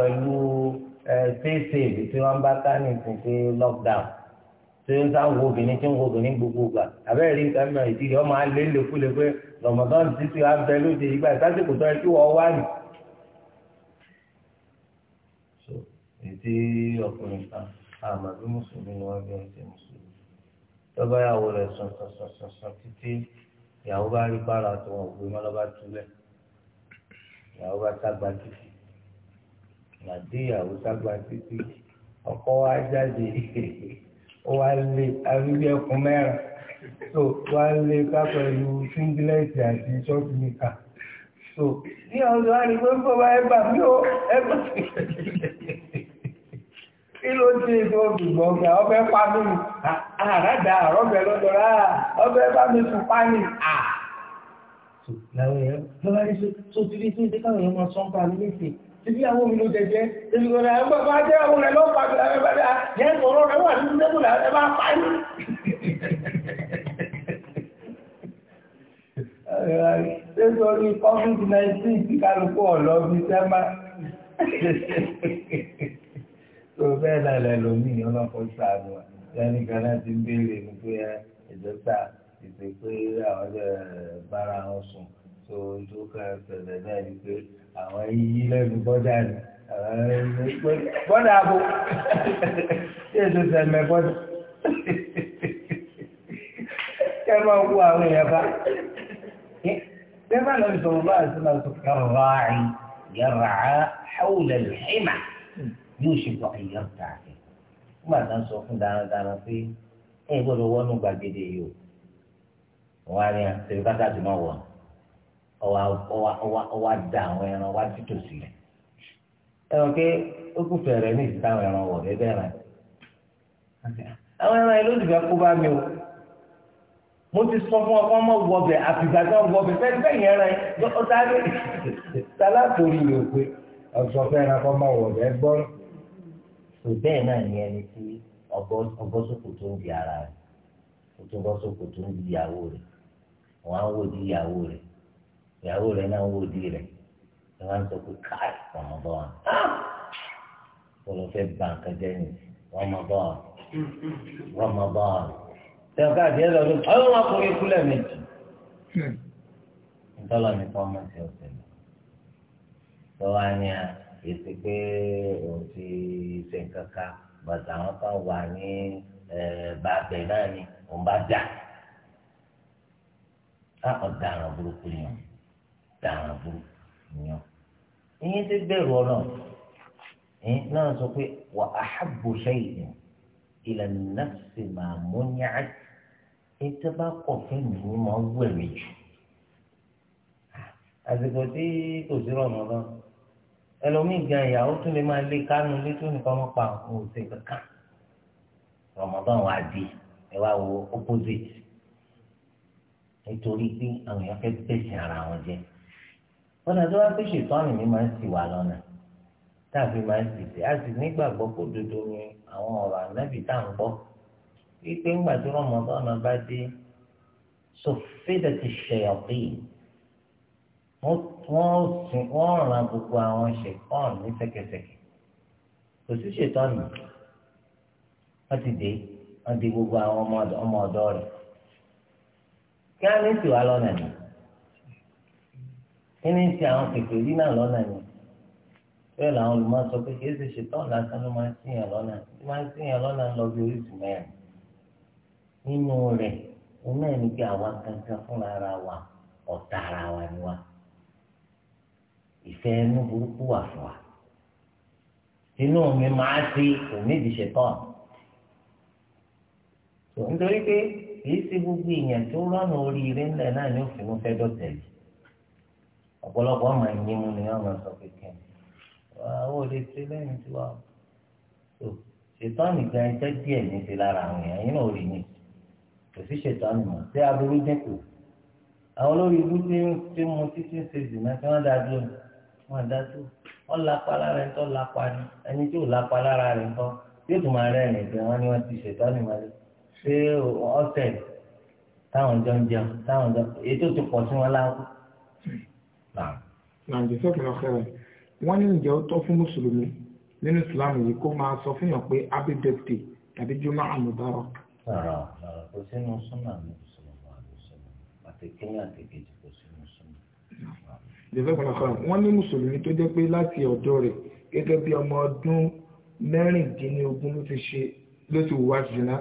etí ṣéṣe ibi tí wọ́n bá ká ní ìsìn pé lockdown tí ń sáà wo obìnrin tí ń wo obìnrin gbogbo gbà àbẹ́rẹ́ rí nǹkan mìíràn ìdílé ọmọ alẹ́ lèkúlẹ̀ pé rọmọdán ti ti wá bẹ lóde ìgbà ìsásìkò tó yẹ kí wọ́n wá nì. ètí ọkùnrin kan àmọ́ bí mùsùlùmí ni wọ́n gbé ẹsẹ̀ mùsùlùmí lọ́ba ìyàwó rẹ̀ sàn sàn sàn sàn sàn títí ìyàwó bá rí pààrọ̀ àtọwọ̀n ògbé mọ́ lọ́ba túlẹ̀ ìyàwó bá sàgbà títí màdéyàwó sábà títí ọkọ wa jáde ó wá lé arúgbó ẹkùn mẹ́rin so wá lé ká pẹ̀lú singlet àti short nika so ní ọ̀dọ̀ àdìgbò fọwọ́ ẹgbà mí ó ẹgbà mí kí ló dé tó gbùgbọ́ ọ̀gá ọbẹ̀ pa mí nù àràdà ọbẹ̀ lọ́dọ̀ rà ọbẹ̀ bá mi sùn pa mí à. làwọn èèyàn lọ́wọ́ rí sọ́tún ní sí ìdíkàwé yẹn máa sọ́ńpa mi léṣe títí àwọn òmìnú jẹjẹ ìṣòro ẹ̀ ń bàbá jẹ́ àwọn rẹ̀ lọ́pàá rẹ̀ bàbá jẹ́ ìṣòro rẹ̀ wà ní ìdẹ́kùnlẹ̀ ẹ̀ covid-19 tí kálukú ọ̀lọ́ fi sẹ́mà tó bẹ́ẹ̀ lálẹ́ lómi ọlọ́pọ̀ sàánù lẹ́nu gánà ti ń béèrè ní pé ìjọba ìpè pé àwọn eh, bára wọn sùn tó ìjókòó àwọn yí lẹ́nu bọ́dà ni bọ́dà abo tí èso sẹ̀mẹ̀ bọ́dà kẹ́ máa wú àwọn èèyàn bá bẹ́ẹ̀ bá lọ́ọ́ sọ̀rọ̀ bá àti náà sọ̀rọ̀ kàrọ̀ yàrá hàwùlẹ̀ lẹ́hìnà yóò ṣe gbọ́ ìyàrá tààrí nígbà tá à sọ fún darandaran pé ẹ gbọ́dọ̀ wọnú gbàgede yìí o wọ́n á ní àti ìrìkátà tó máa wọ̀ ọ́ ọwà ọwà ọwà ọwà da àwọn ẹran wá títòsí rẹ̀ ẹran pé ó kù fẹ̀rẹ̀ ní ìsìta àwọn ẹran wọ̀ bẹ́ẹ̀ rẹ̀ àwọn ẹran yìí ló dìbò kó bá mi o mo ti sọ fún ọkọ ọmọ wọbẹ àfìgbà tó ń wọbẹ fẹẹ fẹẹ yẹn rẹ ó sáré sálá torí rẹ pé ọsọ fẹẹ ra kọ ọmọ wọbẹ gbọ́n tó bẹ́ẹ̀ náà ni ẹni tí ọgbọ́sọ̀kò tó ń di ara rẹ̀ tó ń gbọ́sọ̀kò tó ń di ìyàwó rẹ̀ wọ́n á wò di ìyàwó rẹ̀ ìyàwó rẹ̀ náà wò di rẹ̀ ẹ wá ń sọ pé káì Ramadan olùfẹ́ bá nǹkan jẹ́ ní Ramadan Ramadan tẹ̀ka àdìẹ lọ sí ọ̀rọ̀ wọn kò rí kúlẹ̀ méjì ntọ́lọ́ ní kọ́ ọmọ ti ọ̀sẹ̀ lọ tọ́wọ́ á ní à èsì pé òun ti ṣe nǹkan ká bàtà àwọn kan wà ní bàbẹ̀ náà ni òun bá dà á ọ̀daràn burúkú yẹn dàrán bú yan ẹ̀yin ti bẹ̀rù Ọlọ́run ẹ̀yin náà sọ pé wà á hàbò ṣẹyìn ìlànà náà sì máa mú ní àjẹ ètò bá kọ̀ fún mi ni mo wù ẹ̀mí jù àsìkò tí kò sí Ramadan ẹlòmíì gan ìyàwó tún lè máa lé kánú létò nìkan wọn pa òun ò sí kankan Ramadan wà di ẹ wá wo opposite nítorí pé àwọn èèyàn fẹ́ bẹ̀sìn ara wọn jẹ́ wọn àti wọn fi ṣètọ́nù mi máa ń sì wà lọ́nà táàbí máa ń sì sí a sì nígbàgbọ́ kó dodo ni àwọn ọ̀rọ̀ ànábì tá à ń gbọ́ wípé ńgbà tí Ramadan bá dé sọfídà ti ṣèyàpé wọ́n sìn wọ́n ràn gbogbo àwọn ṣèkọ́ọ̀n ní ṣẹ̀kẹ̀ṣẹ̀kẹ̀ kò sí ṣètọ́nù wọ́n ti dé wọ́n di gbogbo àwọn ọmọ ọ̀dọ́ rẹ̀ kí á ní sì wà lọ́nà nìyí. kíni ti àwọn kèké rí náà lọ́nà yẹn bẹ́ẹ̀ làwọn olùmọ̀ sọ pé kìí ṣe ṣètọ́ lásán ló máa ń ṣìyàn lọ́nà tí máa ń ṣìyàn lọ́nà lọ bí oríṣìí mẹ́rin nínú rẹ̀ ní àwa kankan fúnra ara wa ọ̀tá ara wa ni wa ìfẹ́ inú burúkú wà fún wa inú mi máa ṣe òní ìdíṣẹ́tọ́ nítorí pé kìí ṣe gbogbo èèyàn tó rọ́nà oríire ńlẹ̀ náà ni ọ̀pọ̀lọpọ̀ ọmọ ẹ̀yìn mu ni wọ́n máa sọ kékeré àwọn òde tí lẹ́yìn tí wà tó ṣètọ́nì gan iṣẹ́ díẹ̀ ní ti lára àwọn èèyàn yìí náà rí ni kò sí ṣètọ́nì mọ̀ sí aburú dínkù àwọn olórí ibú tí mo títí ṣe jìnnà tí wọ́n dá dúró wọ́n dá dúró wọ́n lápá lára ẹ̀ tó lápá ni ẹni tí ò lápá lára rẹ̀ tó yóò tún máa rẹ́rìn ìgbẹ́ wọn ni wọ́n ti ṣètọ́nì máa lé ṣé ọ̀sẹ̀ táwọn jọ ń jẹun táwọn jọ nàìjíríà sọ́kùnrin ọ̀fẹ́rẹ́ wọ́n ní ìjẹ́ ó tọ́ fún mùsùlùmí nínú ìsìlámù yìí kó máa sọ fún yàn pé happy birthday tàbí jùmọ̀ àmúbárọ̀. rárá rárá kò sínú súnà ní mùsùlùmí àlùsùnà àti kíní àti kejì kò sínú súnà. ìjọba ọ̀fẹ́rẹ́ wọ́n ní mùsùlùmí tó jẹ́ pé láti ọ̀dọ́ rẹ̀ gẹ́gẹ́ bí ọmọ ọdún mẹ́rìndínlógún ló ti ṣe ló ti wá zina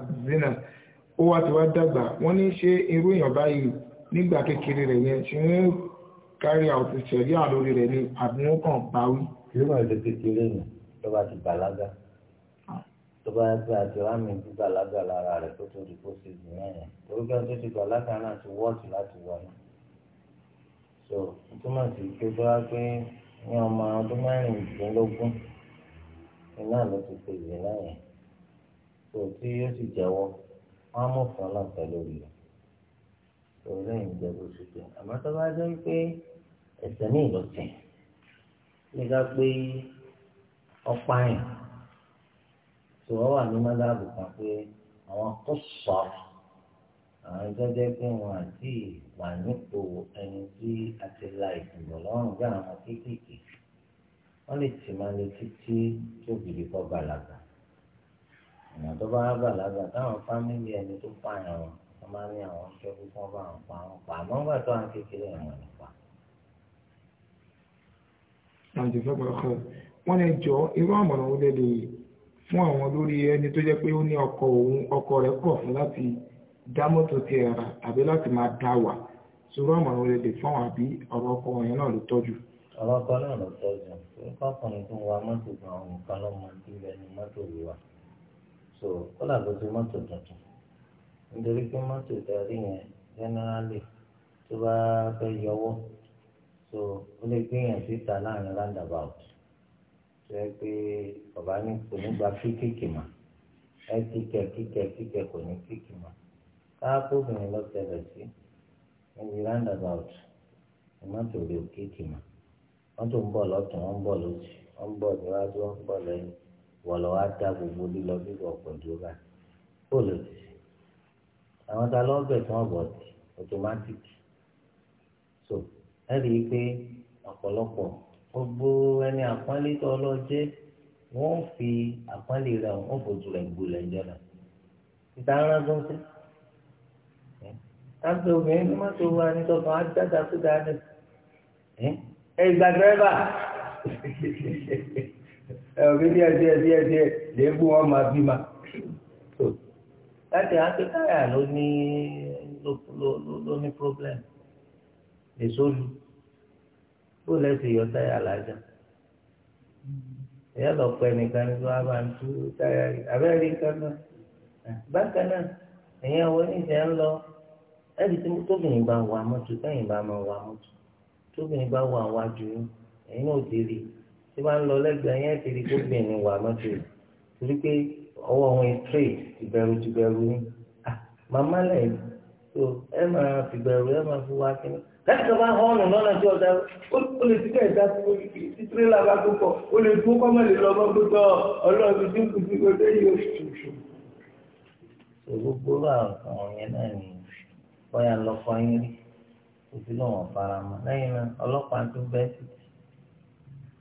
ó wá ti wá dàgbà wọ́n ní ṣe irú èèyàn báyìí nígbà kékeré rẹ̀ yẹn ṣe ń carry out ìṣẹ̀rí àlórí rẹ̀ ni àbí wọ́n kàn báwí. ìlú náà lè kékeré nù tó bá ti bàlágà ah. tó bá yẹ pé àti rámì ti bàlágà lára rẹ̀ tó tó di kó ṣe jù náà yẹn torí pé tó ti bàlágà náà ti wọ́ọ̀tì láti wọlé. so túmọ̀ sí pé tó wá pé ní ọmọ ọdún mẹ́rìndínlógún iná ló ti ṣe jù náà yẹn tó tí yóò sì jẹ́wọ́ wọ́n á mọ̀ fún ọlọ́ọ̀tẹ̀ lórí rẹ̀. Ìrọ̀lẹ́ ìjẹ́bù ṣùgbọ́n àmọ́ tó bá jẹ́ pé ẹ̀ṣẹ̀ ní ìlọsìn nígbà pé ọ̀pá yẹn tó wọ́n wà ní mọ́láàbù kan pé àwọn tó sọ àwọn ẹjọ́ jẹ́ pé wọn àti wà nípò ẹni tí a ti la ìdìbò lọ́rùn bí àwọn kéékèèké wọ́n lè tì máa lè títí tó bìrì kọ́ bàlágà ọ̀nà tó bá bàlágà táwọn fámìlì ẹni tó pààyàn wọn máa ní àwọn fẹ́ kó kọ́ bá wọn pa wọn pa àmọ́ ńgbà tó àwọn kékeré wọn nípa àti ìfẹ́pọ̀lọ́kọ̀ wọ́n lè jọ irú àmọ̀ràn ó lẹ́lẹ̀ fún àwọn lórí ẹni tó jẹ́ pé ó ní ọkọ òun ọkọ rẹ̀ kọ̀ fún láti dá mọ́tò ti ẹ̀rà àbí láti máa dá wà sọ̀rọ̀ àmọ̀ràn ó lẹ́lẹ̀ fún àwọn àbí ọ̀rọ̀ ọkọ yẹn náà ló tọ́jú. ọ̀rọ̀ ọkọ náà ló tọ́jú ọkọkùnrin tó wa mọ́tò gan àwọn nǹkan lọ́mọ ìbílẹ̀ ni mọ́tò rí wa so kọ́là ló ti mọ́tò tuntun nítorí pé mọ́tò tẹ̀rí yẹn generally tó bá fẹ́ yọwọ́ so ó lè gbìyàn síta láàrin roundabout tó yẹ pé bàbá ní kò ní gba kíkìkì mà ẹ kíkẹ kíkẹ kíkẹ kò ní kíkì mà káàkó obìnrin lọ tẹlẹ sí níbi roundabout mọ́tò rẹ̀ ò kíkì mà mọ́tò ń bọ̀ lọ́tún wọ́n ń bọ̀ lójú wọ́n ń bọ̀ níwájú wọ́n ń bọ̀ lẹ́yìn wọ̀lọ́ wá dá gbogbo lílọ bíbọ̀ pẹ̀lú báyìí bóòlù ti àwọn ta lọ́ọ́ bẹ̀ tí wọ́n bọ̀ sí automatic so ẹ rí i pé ọ̀pọ̀lọpọ̀ gbogbo ẹni àpọ́nlé tó ọlọ́jẹ́ wọ́n fi àpọ́nlé rẹ̀ wọ́n fojú rẹ̀ gbolẹ̀ jọ̀nà ìta ara gbọ́n sí. láti obìnrin tó má tó wá ní tọkàn á dáadáa tó dáadáa ẹ ìgbà dẹ́rẹ́bà ẹ òbí díẹ̀ díẹ̀ díẹ̀ díẹ̀ lẹ́gbù wọn máa bí ma. láti àti káyà ló ní ló ní pírọ́blẹ́mù èso lu bó lẹsẹ yọ táyà làjà ìyá lọ pẹ nìkan ní tó a bá ń tú táyà rí abẹ́rẹ́ nǹkan náà bákan náà ẹ̀yìn àwọn oníṣẹ́ ń lọ ẹ̀rí tí tóbìnrin bá wà mọ́tò tẹ́yìn bá máa wà mọ́tò tóbìnrin bá wà wájú ẹ̀yìn náà ti rí tí wọ́n ń lọ lẹ́gbẹ̀ẹ́ yẹn ti rí tóbìnrin wà mọ́tò torí pé ọwọ́ wọn ń tìbẹ̀rù tìbẹ̀rù ni ah, màmá lẹ̀ tó ẹ máa fìbẹ̀rù ẹ máa fi wá kíní láti sọ bá họ́ọ̀nù lọ́nà tí ọ̀dà ó lè síkẹ̀ ìdá sí tírélà bá púpọ̀ ó lè fún kọ́mọ̀lì lọ́gbọ́n púpọ̀ ọlọ́run tí kù sí gbogbo yìí oṣù. ògbógbó àwọn yẹn náà ni bóyá lọkọ yín rí òbí lọ́wọ́ fara mọ́ lẹ́yìn náà ọlọ́pàá tó bẹ́ẹ̀ sì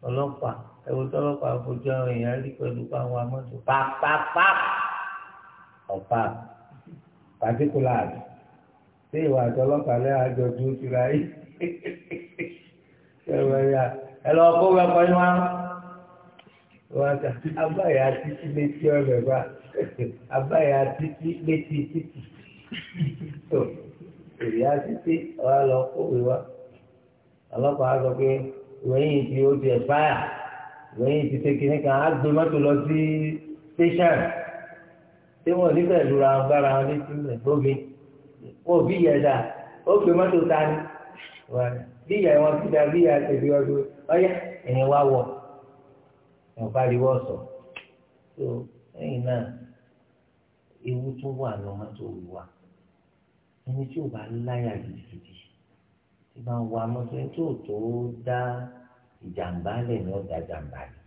ọlọ́pàá ẹ̀wọ̀n tó ọlọ́pàá fojú àwọn èèyàn rí pẹ̀lú pàwọn amọ́tò pàpàpà ọ̀pá pàtíkùláàdì ṣé ìwà àtọlọ́pàá lẹ́yìn àjọ dúró ti ra yìí ẹ lọ kó wẹ́pọ̀ yín wá wọ́n ta abáyà títí létí ọ̀rẹ́ bá abáyà títí létí títì tó ìyá títí wà lọ kówé wá ọlọ́pàá sọ pé wẹ́yìn tí ó ti ẹ̀ báyà wẹ́yìn ti tẹ́kí nìkan á gbé mọ́tò lọ sí tẹ̀sán tí wọ́n níbẹ̀ lura agbára wọn létí mẹ́ lómi wọn ò bí ìyá ẹ̀dá ó pè mọ́tò ta ni bí ìyá wọn ti da bí ìyá tẹ̀lé ọdún ọyẹ ẹ̀yìn wá wọ̀ ẹ̀ bá rí wọ́ sọ tó ẹ̀yìn náà ewu tó wà ní mọ́tò wíwá ẹni tí ò bá láyà gidigidi tí bá ń wa mọ́tò ẹni tí tó dá ìjàmbá lẹ̀ ní ọ̀dà jàmbá lẹ̀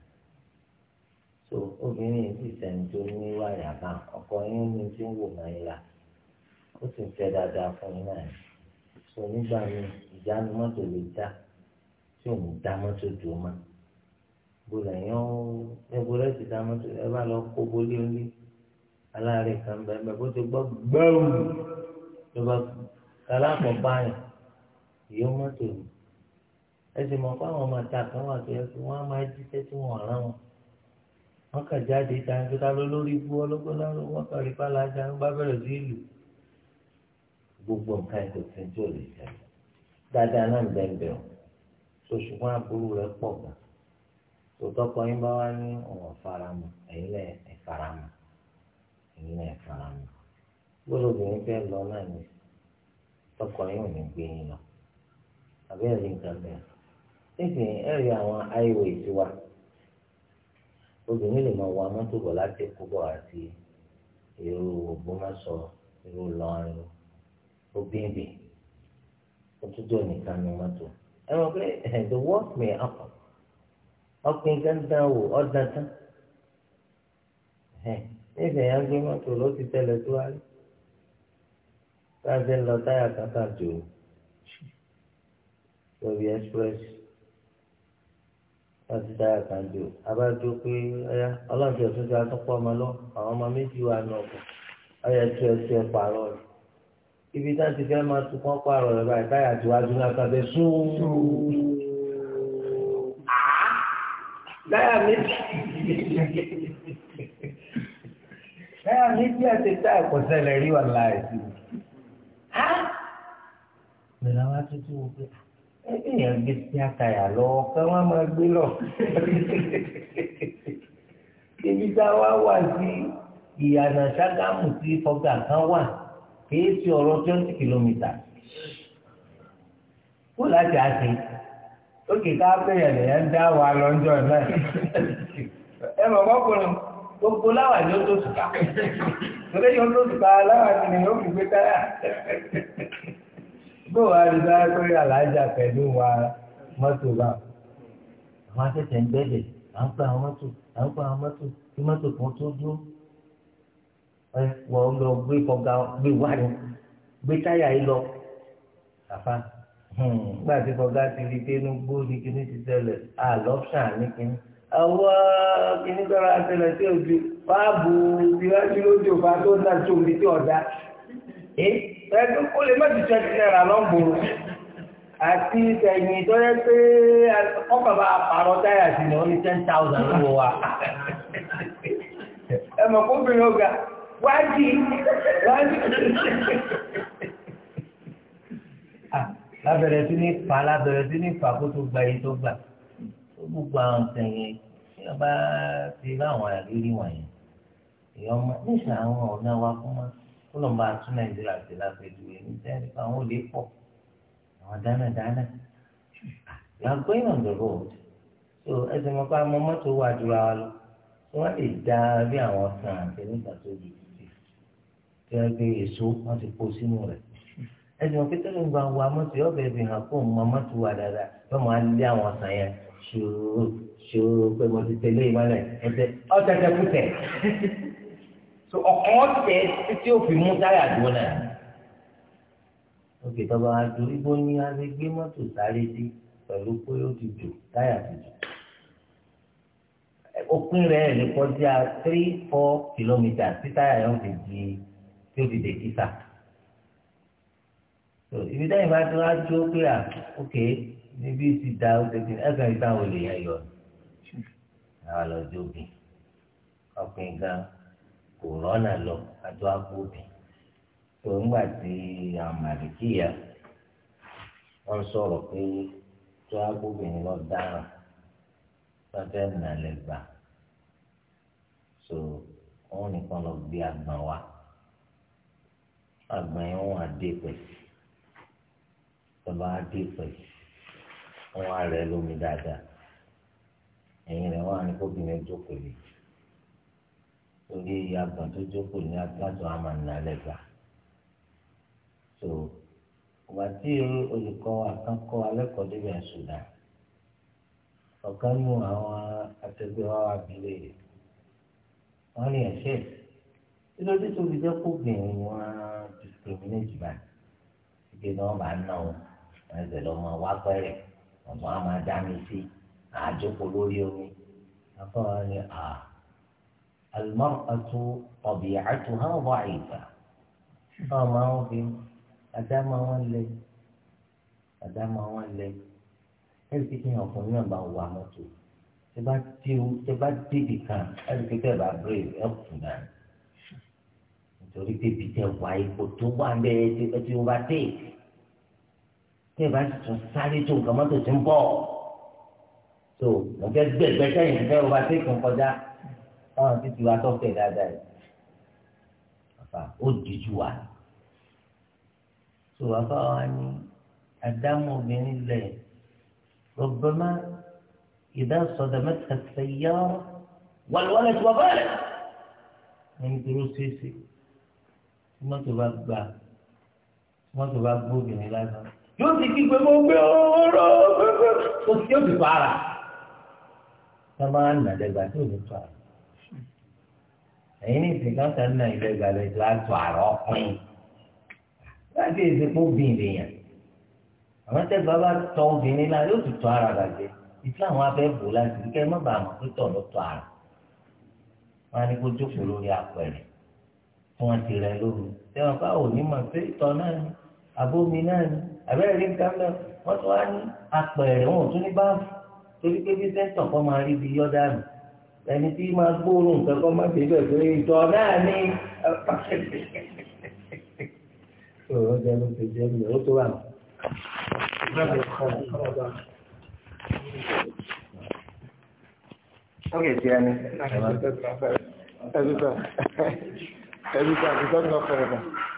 so obìnrin yìí ti sẹ́ni tó ní wáyà bá ọkọ yín ní tí ń wò náà ó sì fẹ́ dáadáa fún yín náà sọ nígbà míì ìjánu mọ́tò lè dá tí òun dá mọ́tò dùn mọ́ gbọdọ̀ yẹn ó ẹgbẹ́rẹ́ ti dá mọ́tò ẹ bá lọ kó bólé ńlé aláàárẹ̀ kan bẹ́ẹ̀ bẹ́ẹ̀ bó ti gbọ́ gbẹ́rù ló bá kaláàpọ̀ báyìí yóò mọ́tò ni ẹ sì mọ̀ fáwọn ọmọ ta kan wà tó yẹ kí wọ́n á máa jíṣẹ́ tí wọ́n rán wọn wọ́n kà jáde ìta ẹni tó ta lọ lórí ibú ọlọ́gbọ́n lọ́wọ́ wọn kà rí pálá ajá ń bá bẹ̀rẹ̀ sí gbogbo nǹkan ètò tí ń tí ò lè tẹ̀lé dáadáa náà ń bẹ̀rẹ̀ o so aburú rẹ̀ pọ̀ gan tòtọ́kọ yín bá wá ní ọ̀rọ̀ faramọ́ ẹ̀yin náà ẹ̀ ẹ̀yin náà ẹ̀ gbọ́dọ̀ obìnrin fẹ́ lọ náà ní tọkọ yín ò ní gbé yín lọ àbí ẹ̀rí nǹkan bẹ́ẹ̀ nísìnyí ẹ̀rí àwọn highway ti wá obìnrin lè máa wa mọ́tò bọ̀ láti Èkó àti èrò Ògbómọ̀ṣọ́ èrò Ìlọrin obìnrin òtútù nìkan ni mọ́tò ẹ mọ̀ pé eh, the worst may happen ọkùnrin gángan wò ọ̀dàn tán eh, nífẹ̀ẹ́ yẹn gbé mọ́tò ló ti tẹ̀lé tó wáyé láti lọ táyà kàkà jò lórí express láti táyà kàkà jò abájọ pé ẹyà ọlọ́ọ̀dẹ ọ̀tún ti atọ́pọ̀ ọmọ lọ àwọn ọmọ méjì wà nù ọkọ̀ ọyẹ tí ẹ ti ẹ pààrọ̀ rẹ̀ ibi tá a ti fẹ́ máa tún kán pààrọ̀ rẹ̀ báyìí táyà tí wàá dún láti abẹ́ sún. táyà méjì táyà méjì àti táyà kò ṣẹlẹ̀ rí wà láì sí. bẹ̀rẹ̀ wá tuntun wò pé ah, ẹbí yẹn gbé sí àtàyà lọ́wọ́ pé wọ́n máa gbé lọ. ibi tá a wá wà sí ìyànà ṣàgámù tí fọgà kan wà kìí ṣe ọ̀rọ̀ twenty kilometre kó láti àṣẹ lókè ká bẹ̀rẹ̀ lẹ́yìn ń dá wa lọ́jọ́ náà ẹ mọ̀ mọ́kùnrin gbogbo láwà ni ó tó sùkà lókè yóò tó sùkà láwà ni yóò fi gbé táyà bó wa rí bá pé alájà pẹ̀lú wa mọ́tò bá àwọn akẹ́kẹ̀ẹ́ ń gbẹ́dẹ̀ à ń pa àwọn mọ́tò à ń pa àwọn mọ́tò kí mọ́tò kan tó dúró wọ́n lọ gbé kọ̀ga gbé wá ni gbé táyà yìí lọ àfa hmm, gbà tí kọ̀ga ti rí pé inú gbóòdì kìíní ti ṣẹlẹ̀ àlọ́ṣàn ní kìíní. àwọn kìíní tọ́ra ṣẹlẹ̀ sí ojú fáàbù síwájú lójú òfà tó ń dájú omi tí ọ̀dà. ẹ ẹ kó lè má ti ṣe ti náírà lọ́ngbòrò àti tẹ̀yìn tó yẹ pé ọkọ̀ bá pààrọ̀ táyà sí ni wọ́n ní ten thousand lọ́wọ́ wa. ẹ mọ̀ kó bìnrin ó ga wájì wájì lábẹ̀rẹ̀ ah, sí ní fa lábẹ̀rẹ̀ sí ní fa kó tó gba iye tó gbà tó gbogbo àwọn sẹ̀yìn tí wọ́n bá ti rí àwọn àrírí wọ̀nyẹn èèyàn máa níṣẹ́ àwọn ọ̀nà wa kó máa kó lọ́n bá tún nàìjíríà sí lápẹ̀jù èmi sẹ́yìn pé àwọn olè pọ̀ àwọn dánadáná ah, you are going on the road so ẹsẹ̀ mọ́ká mọ́ mọ́tò wà jùlọ àwọn lọ wọ́n lè dá bí àwọn sàn àti nígbà tó yìí tí wọ́n gbé èso wọ́n ti kó sínú rẹ̀ ẹni wọn pété ló ń gba wa mọ́tò yọ bẹ̀rẹ̀ bí hàn kó mọ mọ́tò wa dáadáa yọ máa lé àwọn ọ̀sán yẹn ṣòro ṣòro pé mo ti tẹ̀lé ìmọ̀lẹ̀ ẹ̀tẹ̀ ọ̀tẹ̀tẹ̀ kùtẹ̀ so ọ̀kan ọ̀tẹ̀ tí ó fi mú táyà dúró náà òkè tọba àdúrígbó ní alẹ́ gbé mọ́tò sáré dé pẹ̀lú pé ó ti jò táyà ti jò òpin rẹ̀ lè kọjá three four kilometres tí táyà yẹn ti di tí ó fi dè kíkà tó ibi táyìn bá tó wá jó pé à ókè níbi ti da ó tètè ẹgbẹ́ ìta àwọn èèyàn yọ àwọn àlọ́jọ́ bì ọkùnrin gan kò rọ́nà lọ àjọ agbóbi tó ńgbà tí àmàlìkíyà wọ́n sọ̀rọ̀ pé tó agbóbìnrin lọ dáràn lọ́jọ́ ìnàlẹ̀ gbà so wọ́n nìkan lọ gbé àgbọn wa àgbọn yẹn wọn adé pẹ̀sì bàbá adé pẹ̀sì wọn arẹ lómi dáadáa ẹ̀yìn rẹ̀ wọn àníkóbìnrin jókòó lè torí àgbọn tó jókòó ní agbájọ àmà nàlẹ́gbà so ìgbà tí olùkọ́ àkànkọ́ alẹ́kọ̀ọ́ débẹ̀ ṣùdà ọ̀kan nù àwọn akẹgbẹ́ wa wà bílẹ̀ rẹ̀ wọ́n ní ẹ̀ṣẹ́ kí ló dé tó fi jẹ́ kó bìnrin wọn discriminate bá ṣíbi náà bá ná o ẹsẹ̀ lọ́ máa wá pẹ́rẹ́ ọ̀gbọ́n á máa dá mi sí àjòkó lórí omi afọ́nà ni à alimọ́tò ọ̀bì àtò hàn wá ìgbà náà máa ń fi àdá wọn lẹ àdá wọn lẹ ẹ̀rí pé kí ni ọkùnrin náà bá wà mọ́tò tẹ bá dé ibi kan ẹ̀rí pé kẹ́ ẹ̀ bá bèrè ẹ̀ kù náà torí pé bìtẹ wà ipò tó wà ń bẹ ẹ ti wá dé tẹ bá tún sáré tó nǹkan mọ́tò ti ń bọ̀ tó mo fẹ́ gbẹgbẹ sẹ́yìn fẹ́ wá dé kan kọjá táwọn ti ti wá tọkẹ dáadáa yìí àfà ó dìjú wa tó àfà wa ní àdámọ̀ obìnrin lẹ rọgbọmọ ìdá sọdọmẹta ṣẹyà wàlúwàlẹ tó wà báyìí wọn dúró ṣeéṣe mọ́tò bá gbà mọ́tò bá gbóbìnrin lásán yóò ti kí pé mo gbé ọ̀rọ̀ kò sí òbí para wọ́n máa ń nàdẹ́gbà tí ò ní tó àrà ẹ̀yin ní ìsìn kan kan náà ìdẹ́gbà lè látò àrà ọkùnrin láti ìsìnkú bí ìrìyàn àwọn tẹ́gbà bá tọ obìnrin náà yóò tún tọ ara bàjẹ́ ìsìláàmù abẹ́ bò láti kẹ́ ẹ má bàa mọ̀ pé tọ̀ ló tọ àrà wọn á ní kó jókòó lórí wọn ti rẹ lóru tẹwọn bá òní mọ pé ìtọ̀ náà ni abómi náà ni abẹ́rẹ́ rí nǹkan mẹ́rin wọ́n tún wá ní apẹ̀rẹ̀ wọn ò tún ní báàfù torí pé bí sẹ́ńtọ̀ kọ́ máa rí ibi yọ́dá mi ẹni tí máa gbóòórùn nǹkan kọ́ máa bèbè pé ìtọ̀ náà ni ọ̀rọ̀ jẹ́ ló ti jẹ́ mi ó tó wà. Okay, Tiani. Thank every time. It doesn't go forever.